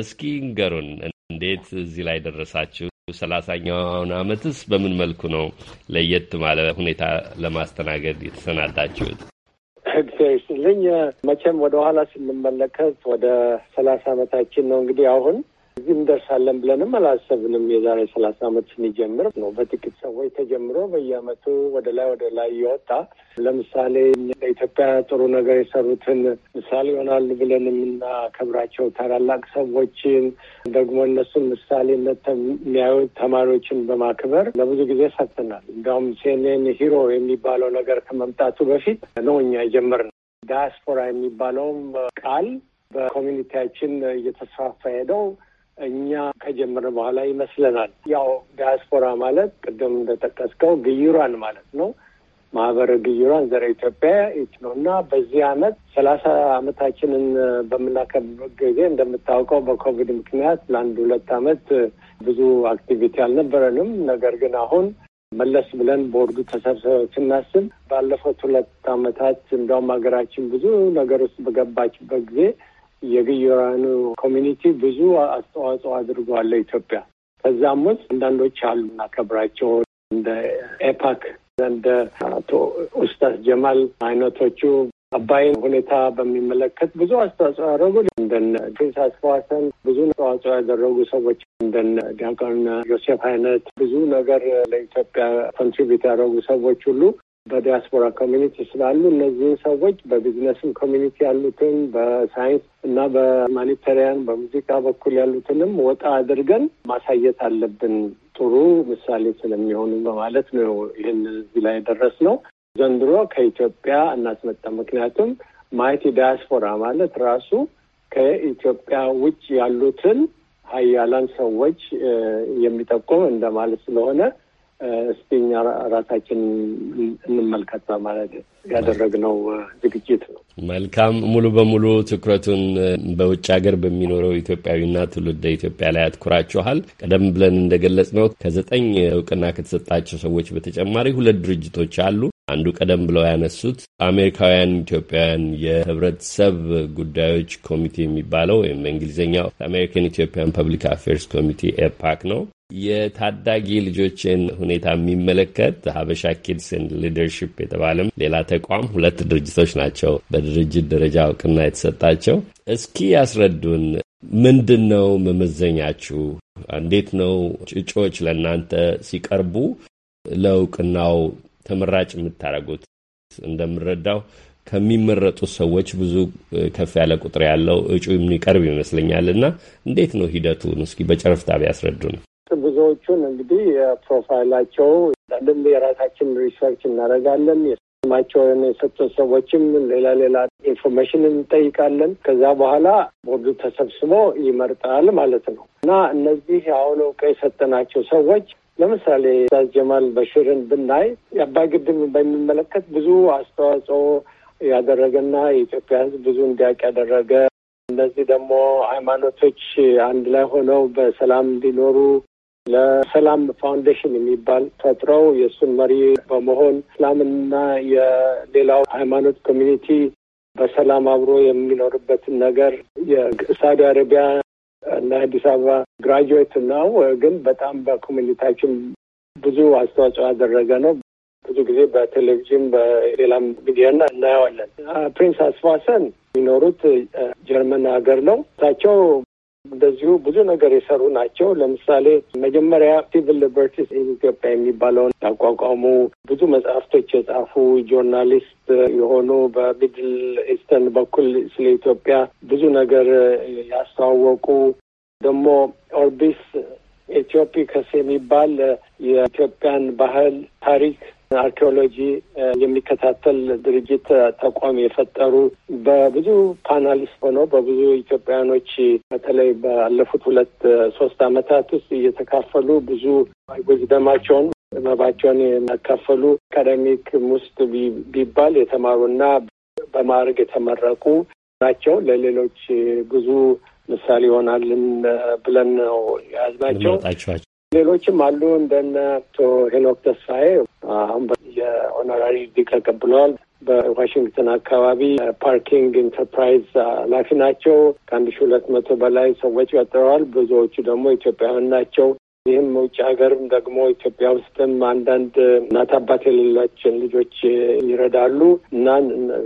እስኪ ንገሩን እንዴት እዚህ ላይ ደረሳችሁ? ሰላሳኛውን አመትስ በምን መልኩ ነው ለየት ባለ ሁኔታ ለማስተናገድ የተሰናዳችሁት? እግዚአብሔር ይስጥልኝ። መቼም ወደ ኋላ ስንመለከት ወደ ሰላሳ አመታችን ነው እንግዲህ አሁን እዚህ እንደርሳለን ብለንም አላሰብንም። የዛሬ ሰላሳ አመት ስንጀምር ነው በጥቂት ሰዎች ተጀምሮ በየአመቱ ወደ ላይ ወደ ላይ እየወጣ ለምሳሌ ለኢትዮጵያ ጥሩ ነገር የሰሩትን ምሳሌ ይሆናሉ ብለን የምናከብራቸው ታላላቅ ሰዎችን ደግሞ እነሱን ምሳሌነት የሚያዩ ተማሪዎችን በማክበር ለብዙ ጊዜ ሰጥተናል። እንዲሁም ሴኔን ሂሮ የሚባለው ነገር ከመምጣቱ በፊት ነው እኛ የጀመርነው። ዳያስፖራ የሚባለውም ቃል በኮሚኒቲያችን እየተስፋፋ ሄደው እኛ ከጀመረ በኋላ ይመስለናል። ያው ዲያስፖራ ማለት ቅድም እንደጠቀስከው ግይሯን ማለት ነው። ማህበረ ግይሯን ዘረ ኢትዮጵያ ነው እና በዚህ አመት ሰላሳ አመታችንን በምናከብርበት ጊዜ እንደምታውቀው በኮቪድ ምክንያት ለአንድ ሁለት አመት ብዙ አክቲቪቲ አልነበረንም። ነገር ግን አሁን መለስ ብለን ቦርዱ ተሰብስበ ስናስብ ባለፉት ሁለት አመታት እንደውም ሀገራችን ብዙ ነገር ውስጥ በገባችበት ጊዜ የግዮራኑ ኮሚኒቲ ብዙ አስተዋጽኦ አድርጓል ለኢትዮጵያ። ከዛም ውስጥ አንዳንዶች አሉ እናከብራቸው እንደ ኤፓክ እንደ አቶ ኡስታስ ጀማል አይነቶቹ አባይን ሁኔታ በሚመለከት ብዙ አስተዋጽኦ ያደረጉ እንደነ ፕሪንስ አስፋዋሰን ብዙ አስተዋጽኦ ያደረጉ ሰዎች እንደነ ዲያቆን ዮሴፍ አይነት ብዙ ነገር ለኢትዮጵያ ኮንትሪቢዩት ያደረጉ ሰዎች ሁሉ በዲያስፖራ ኮሚኒቲ ስላሉ እነዚህን ሰዎች በቢዝነስም ኮሚኒቲ ያሉትን በሳይንስ እና በማኒተሪያን በሙዚቃ በኩል ያሉትንም ወጣ አድርገን ማሳየት አለብን፣ ጥሩ ምሳሌ ስለሚሆኑ በማለት ነው ይህን እዚህ ላይ ነው። ዘንድሮ ከኢትዮጵያ እናስመጣ። ምክንያቱም ማየት ዲያስፖራ ማለት ራሱ ከኢትዮጵያ ውጭ ያሉትን ሀያላን ሰዎች የሚጠቁም እንደማለት ስለሆነ እስቲ እኛ ራሳችን እንመልከት በማለት ያደረግነው ዝግጅት ነው። መልካም ሙሉ በሙሉ ትኩረቱን በውጭ ሀገር በሚኖረው ኢትዮጵያዊና ትውልደ ኢትዮጵያ ላይ አትኩራችኋል። ቀደም ብለን እንደገለጽ ነው ከዘጠኝ እውቅና ከተሰጣቸው ሰዎች በተጨማሪ ሁለት ድርጅቶች አሉ። አንዱ ቀደም ብለው ያነሱት አሜሪካውያን ኢትዮጵያውያን የህብረተሰብ ጉዳዮች ኮሚቴ የሚባለው ወይም በእንግሊዝኛው አሜሪካን ኢትዮጵያን ፐብሊክ አፌርስ ኮሚቴ ኤፓክ ነው። የታዳጊ ልጆችን ሁኔታ የሚመለከት ሀበሻ ኪድስን ሊደርሽፕ የተባለም ሌላ ተቋም ሁለት ድርጅቶች ናቸው በድርጅት ደረጃ እውቅና የተሰጣቸው። እስኪ ያስረዱን፣ ምንድን ነው መመዘኛችሁ? እንዴት ነው እጩዎች ለእናንተ ሲቀርቡ ለእውቅናው ተመራጭ የምታደርጉት? እንደምረዳው ከሚመረጡት ሰዎች ብዙ ከፍ ያለ ቁጥር ያለው እጩ የሚቀርብ ይመስለኛል እና እንዴት ነው ሂደቱን? እስኪ በጨረፍታ ቢያስረዱን። ብዙዎቹን እንግዲህ የፕሮፋይላቸው ልም የራሳችን ሪሰርች እናደርጋለን። ስማቸውን የሰጡ ሰዎችም ሌላ ሌላ ኢንፎርሜሽን እንጠይቃለን። ከዛ በኋላ ቦርዱ ተሰብስቦ ይመርጣል ማለት ነው እና እነዚህ አሁን እውቅ የሰጠናቸው ሰዎች ለምሳሌ ኡስታዝ ጀማል በሽርን ብናይ የአባይ ግድብ በሚመለከት ብዙ አስተዋጽኦ ያደረገና የኢትዮጵያ ሕዝብ ብዙ እንዲያውቅ ያደረገ እነዚህ ደግሞ ሃይማኖቶች አንድ ላይ ሆነው በሰላም እንዲኖሩ ለሰላም ፋውንዴሽን የሚባል ፈጥረው የእሱን መሪ በመሆን እስላምና የሌላው ሃይማኖት ኮሚኒቲ በሰላም አብሮ የሚኖርበትን ነገር የሳውዲ አረቢያ እና አዲስ አበባ ግራጁዌት ነው፣ ግን በጣም በኮሚኒታችን ብዙ አስተዋጽኦ ያደረገ ነው። ብዙ ጊዜ በቴሌቪዥን በሌላም ሚዲያ እናየዋለን። ፕሪንስ አስፋሰን የሚኖሩት ጀርመን ሀገር ነው። እሳቸው እንደዚሁ ብዙ ነገር የሰሩ ናቸው። ለምሳሌ መጀመሪያ ሲቪል ሊበርቲስ ኢትዮጵያ የሚባለውን ያቋቋሙ ብዙ መጽሐፍቶች የጻፉ ጆርናሊስት የሆኑ በሚድል ኢስተን በኩል ስለ ኢትዮጵያ ብዙ ነገር ያስተዋወቁ ደግሞ ኦርቢስ ኢትዮፒከስ የሚባል የኢትዮጵያን ባህል ታሪክ አርኪኦሎጂ የሚከታተል ድርጅት ተቋም የፈጠሩ በብዙ ፓናሊስት ሆነው በብዙ ኢትዮጵያኖች በተለይ ባለፉት ሁለት ሶስት አመታት ውስጥ እየተካፈሉ ብዙ ዊዝደማቸውን ጥበባቸውን የሚያካፈሉ አካደሚክ ውስጥ ቢባል የተማሩና በማዕረግ የተመረቁ ናቸው። ለሌሎች ብዙ ምሳሌ ይሆናልን ብለን ነው ያዝናቸው። ሌሎችም አሉ እንደነ አቶ ሄኖክ ተስፋዬ አሁን የኦነራሪ ዲግ ተቀብለዋል። በዋሽንግተን አካባቢ ፓርኪንግ ኢንተርፕራይዝ ኃላፊ ናቸው። ከአንድ ሺ ሁለት መቶ በላይ ሰዎች ቀጥረዋል። ብዙዎቹ ደግሞ ኢትዮጵያውያን ናቸው። ይህም ውጭ ሀገርም ደግሞ ኢትዮጵያ ውስጥም አንዳንድ እናት አባት የሌላቸውን ልጆች ይረዳሉ እና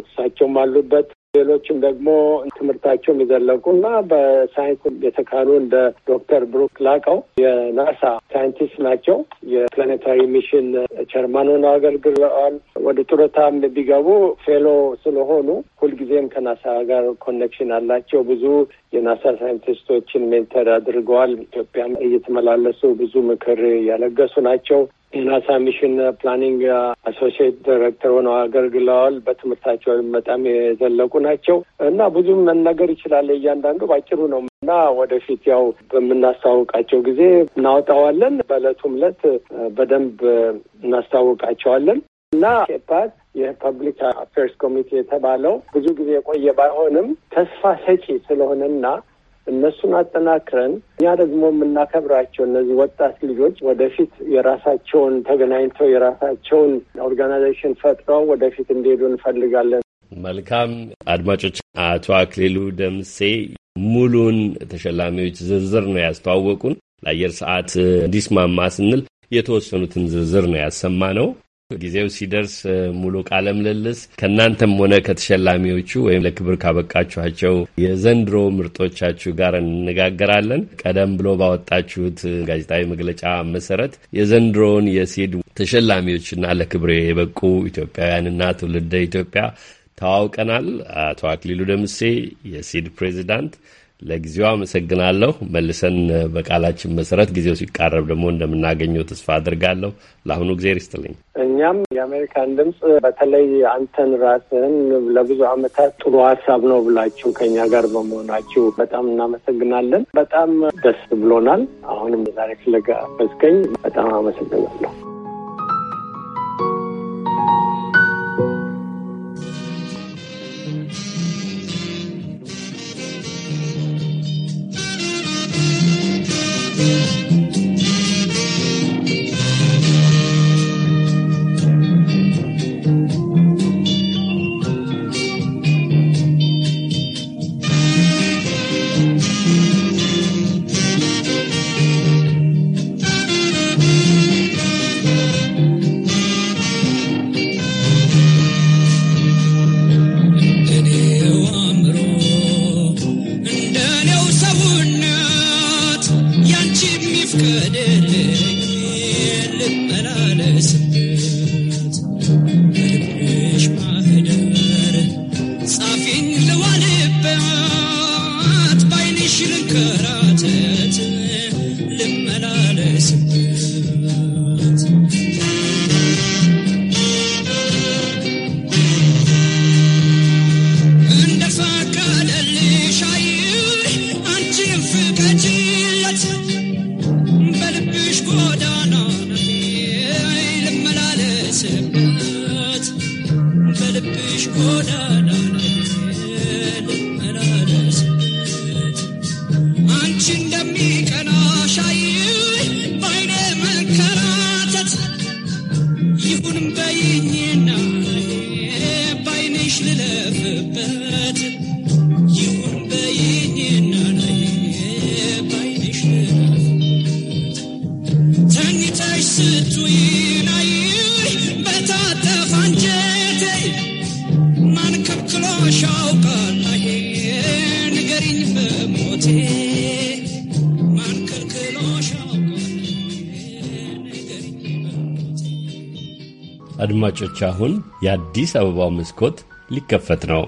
እሳቸውም አሉበት። ሌሎችም ደግሞ ትምህርታቸውን የዘለቁ እና በሳይንስ የተካኑ እንደ ዶክተር ብሩክ ላቀው የናሳ ሳይንቲስት ናቸው። የፕላኔታሪ ሚሽን ቸርማን ሆነው አገልግለዋል። ወደ ጡረታም ቢገቡ ፌሎ ስለሆኑ ሁልጊዜም ከናሳ ጋር ኮኔክሽን አላቸው። ብዙ የናሳ ሳይንቲስቶችን ሜንተር አድርገዋል። ኢትዮጵያም እየተመላለሱ ብዙ ምክር ያለገሱ ናቸው። የናሳ ሚሽን ፕላኒንግ አሶሲየት ዳይሬክተር ሆነው አገልግለዋል። በትምህርታቸው በጣም የዘለቁ ናቸው እና ብዙ መነገር ይችላል። እያንዳንዱ ባጭሩ ነው እና ወደፊት ያው በምናስተዋውቃቸው ጊዜ እናወጣዋለን። በእለቱም እለት በደንብ እናስተዋውቃቸዋለን እና ሴፓት የፐብሊክ አፌርስ ኮሚቴ የተባለው ብዙ ጊዜ የቆየ ባይሆንም ተስፋ ሰጪ ስለሆነና እነሱን አጠናክረን እኛ ደግሞ የምናከብራቸው እነዚህ ወጣት ልጆች ወደፊት የራሳቸውን ተገናኝተው የራሳቸውን ኦርጋናይዜሽን ፈጥረው ወደፊት እንዲሄዱ እንፈልጋለን። መልካም አድማጮች፣ አቶ አክሊሉ ደምሴ ሙሉን ተሸላሚዎች ዝርዝር ነው ያስተዋወቁን። ለአየር ሰዓት እንዲስማማ ስንል የተወሰኑትን ዝርዝር ነው ያሰማ ነው። ጊዜው ሲደርስ ሙሉ ቃለ ምልልስ ከእናንተም ሆነ ከተሸላሚዎቹ ወይም ለክብር ካበቃችኋቸው የዘንድሮ ምርጦቻችሁ ጋር እንነጋገራለን። ቀደም ብሎ ባወጣችሁት ጋዜጣዊ መግለጫ መሰረት የዘንድሮውን የሲድ ተሸላሚዎችና ለክብር የበቁ ኢትዮጵያውያንና ትውልደ ኢትዮጵያ ተዋውቀናል። አቶ አክሊሉ ደምሴ የሲድ ፕሬዚዳንት ለጊዜው አመሰግናለሁ። መልሰን በቃላችን መሰረት ጊዜው ሲቃረብ ደግሞ እንደምናገኘው ተስፋ አድርጋለሁ። ለአሁኑ ጊዜ ይስጥልኝ። እኛም የአሜሪካን ድምፅ በተለይ አንተን ራስህን ለብዙ ዓመታት ጥሩ ሀሳብ ነው ብላችሁ ከኛ ጋር በመሆናችሁ በጣም እናመሰግናለን። በጣም ደስ ብሎናል። አሁንም ዛሬ ስለጋበዝከኝ በጣም አመሰግናለሁ። Thank you. አድማጮች አሁን የአዲስ አበባው መስኮት ሊከፈት ነው።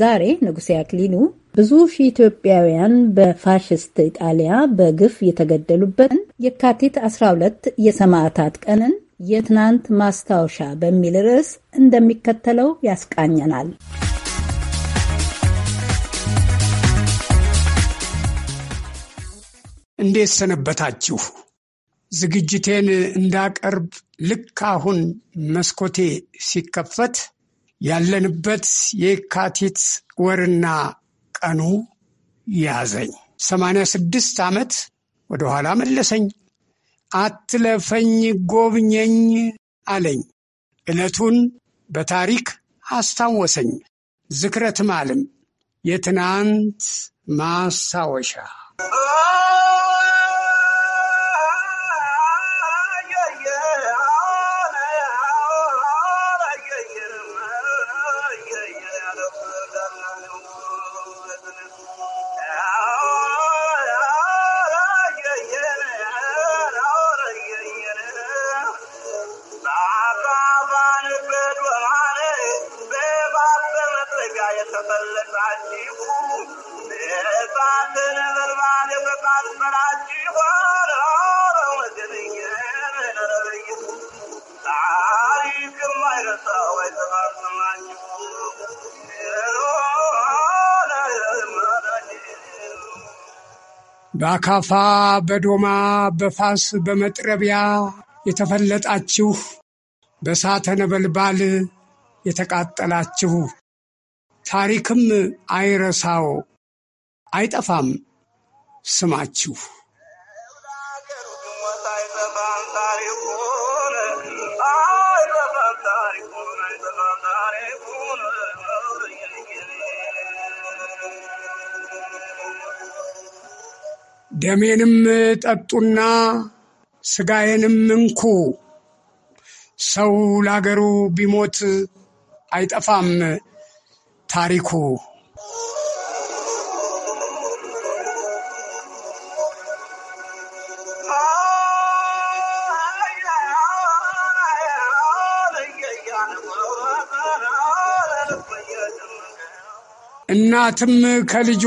ዛሬ ንጉሴ አክሊሉ ብዙ ሺህ ኢትዮጵያውያን በፋሽስት ኢጣሊያ በግፍ የተገደሉበትን የካቲት 12 የሰማዕታት ቀንን የትናንት ማስታወሻ በሚል ርዕስ እንደሚከተለው ያስቃኘናል። እንዴት ሰነበታችሁ? ዝግጅቴን እንዳቀርብ ልክ አሁን መስኮቴ ሲከፈት ያለንበት የካቲት ወርና ቀኑ ያዘኝ። ስድስት ዓመት ወደ ኋላ መለሰኝ። አትለፈኝ ጎብኘኝ አለኝ። ዕለቱን በታሪክ አስታወሰኝ። ዝክረት ማለም የትናንት ማስታወሻ Oh! በአካፋ በዶማ በፋስ በመጥረቢያ የተፈለጣችሁ በሳተ ነበልባል የተቃጠላችሁ ታሪክም አይረሳው አይጠፋም ስማችሁ። ደሜንም ጠጡና ሥጋዬንም እንኩ። ሰው ላገሩ ቢሞት አይጠፋም ታሪኩ እናትም ከልጇ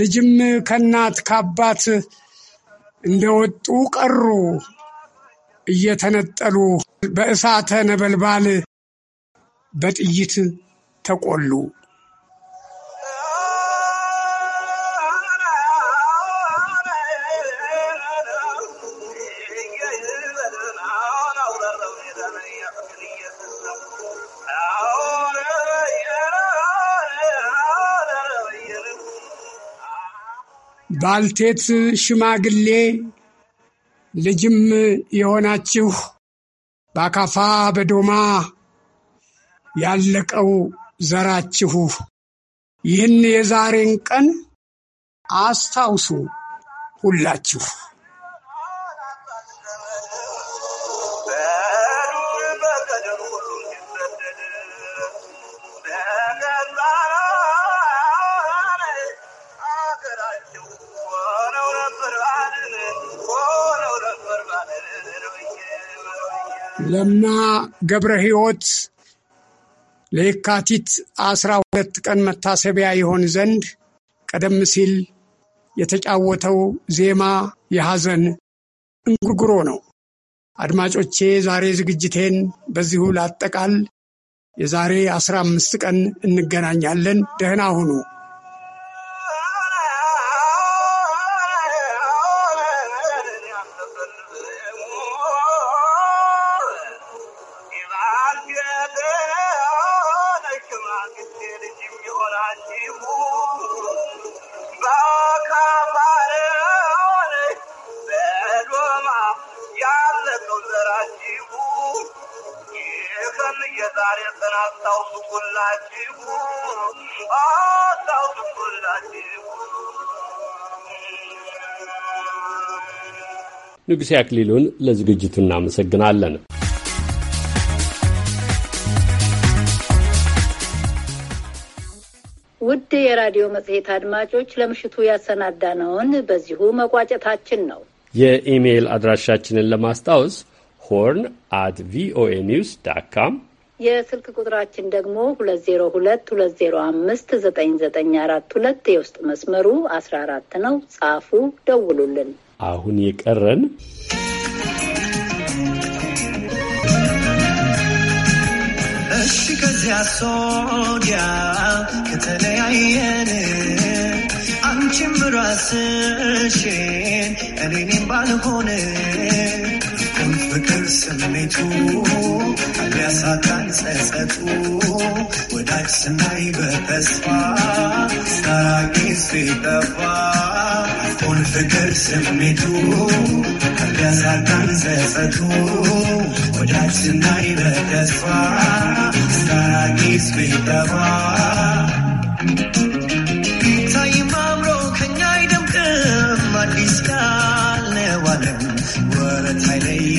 ልጅም ከእናት ከአባት እንደወጡ ቀሩ እየተነጠሉ በእሳተ ነበልባል በጥይት ተቆሉ። ባልቴት ሽማግሌ ልጅም የሆናችሁ በአካፋ በዶማ ያለቀው ዘራችሁ ይህን የዛሬን ቀን አስታውሱ ሁላችሁ። ለምና ገብረ ሕይወት ለየካቲት አስራ ሁለት ቀን መታሰቢያ ይሆን ዘንድ ቀደም ሲል የተጫወተው ዜማ የሐዘን እንጉርጉሮ ነው። አድማጮቼ ዛሬ ዝግጅቴን በዚሁ ላጠቃል። የዛሬ አስራ አምስት ቀን እንገናኛለን። ደህና ሁኑ። ንጉሴ አክሊሉን ለዝግጅቱ እናመሰግናለን። ውድ የራዲዮ መጽሔት አድማጮች ለምሽቱ ያሰናዳነውን በዚሁ መቋጨታችን ነው። የኢሜይል አድራሻችንን ለማስታወስ ሆርን አት ቪኦኤ ኒውስ ዳት ካም የስልክ ቁጥራችን ደግሞ 2022059942 የውስጥ መስመሩ 14 ነው። ጻፉ፣ ደውሉልን። አሁን የቀረን እሺ ከዚያ ሶዲያ ከተለያየን አንቺም ራስሽን እኔኔም ባልሆን ፍቅር ስሜቱ ሊያሳጣን ጸጸቱ ወዳጅ ስናይ በተስፋ ሳራቂ ሲጠፋ ሆን ፍቅር ስሜቱ ሊያሳጣን ጸጸቱ ወዳጅ ስናይ በተስፋ ሳራቂ ሲጠፋ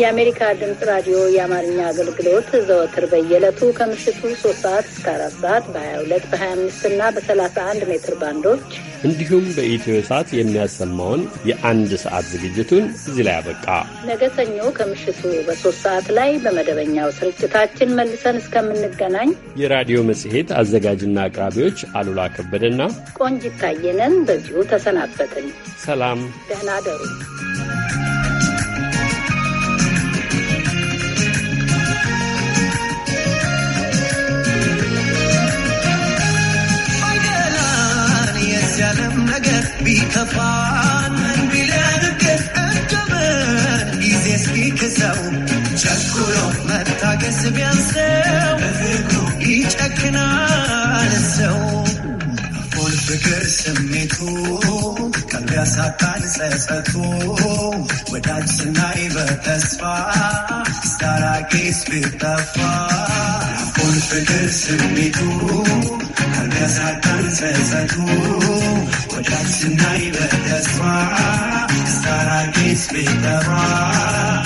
የአሜሪካ ድምፅ ራዲዮ የአማርኛ አገልግሎት ዘወትር በየዕለቱ ከምሽቱ ሶስት ሰዓት እስከ አራት ሰዓት በ22 በ25 እና በ31 ሜትር ባንዶች እንዲሁም በኢትዮ ሰዓት የሚያሰማውን የአንድ ሰዓት ዝግጅቱን እዚህ ላይ አበቃ። ነገ ሰኞ ከምሽቱ በሶስት ሰዓት ላይ በመደበኛው ስርጭታችን መልሰን እስከምንገናኝ የራዲዮ መጽሔት አዘጋጅና አቅራቢዎች አሉላ ከበደና ቆንጅ ይታየነን በዚሁ ተሰናበትን። ሰላም፣ ደህና አደሩ። ቢከፋን ቢለን ገጠመን ጊዜ እስኪክሰው ቸኩሎ ፍቅር ስሜቱ ቀልብ ያሳጣል ጸጸቱ ወዳጅ ስናይ በተስፋ ስታራቂስ ቢጠፋ አፎን ፍቅር ስሜቱ ቀልብ ያሳጣል ጸጸቱ وكان سنايبة تسمع ستارا كيس بالدمار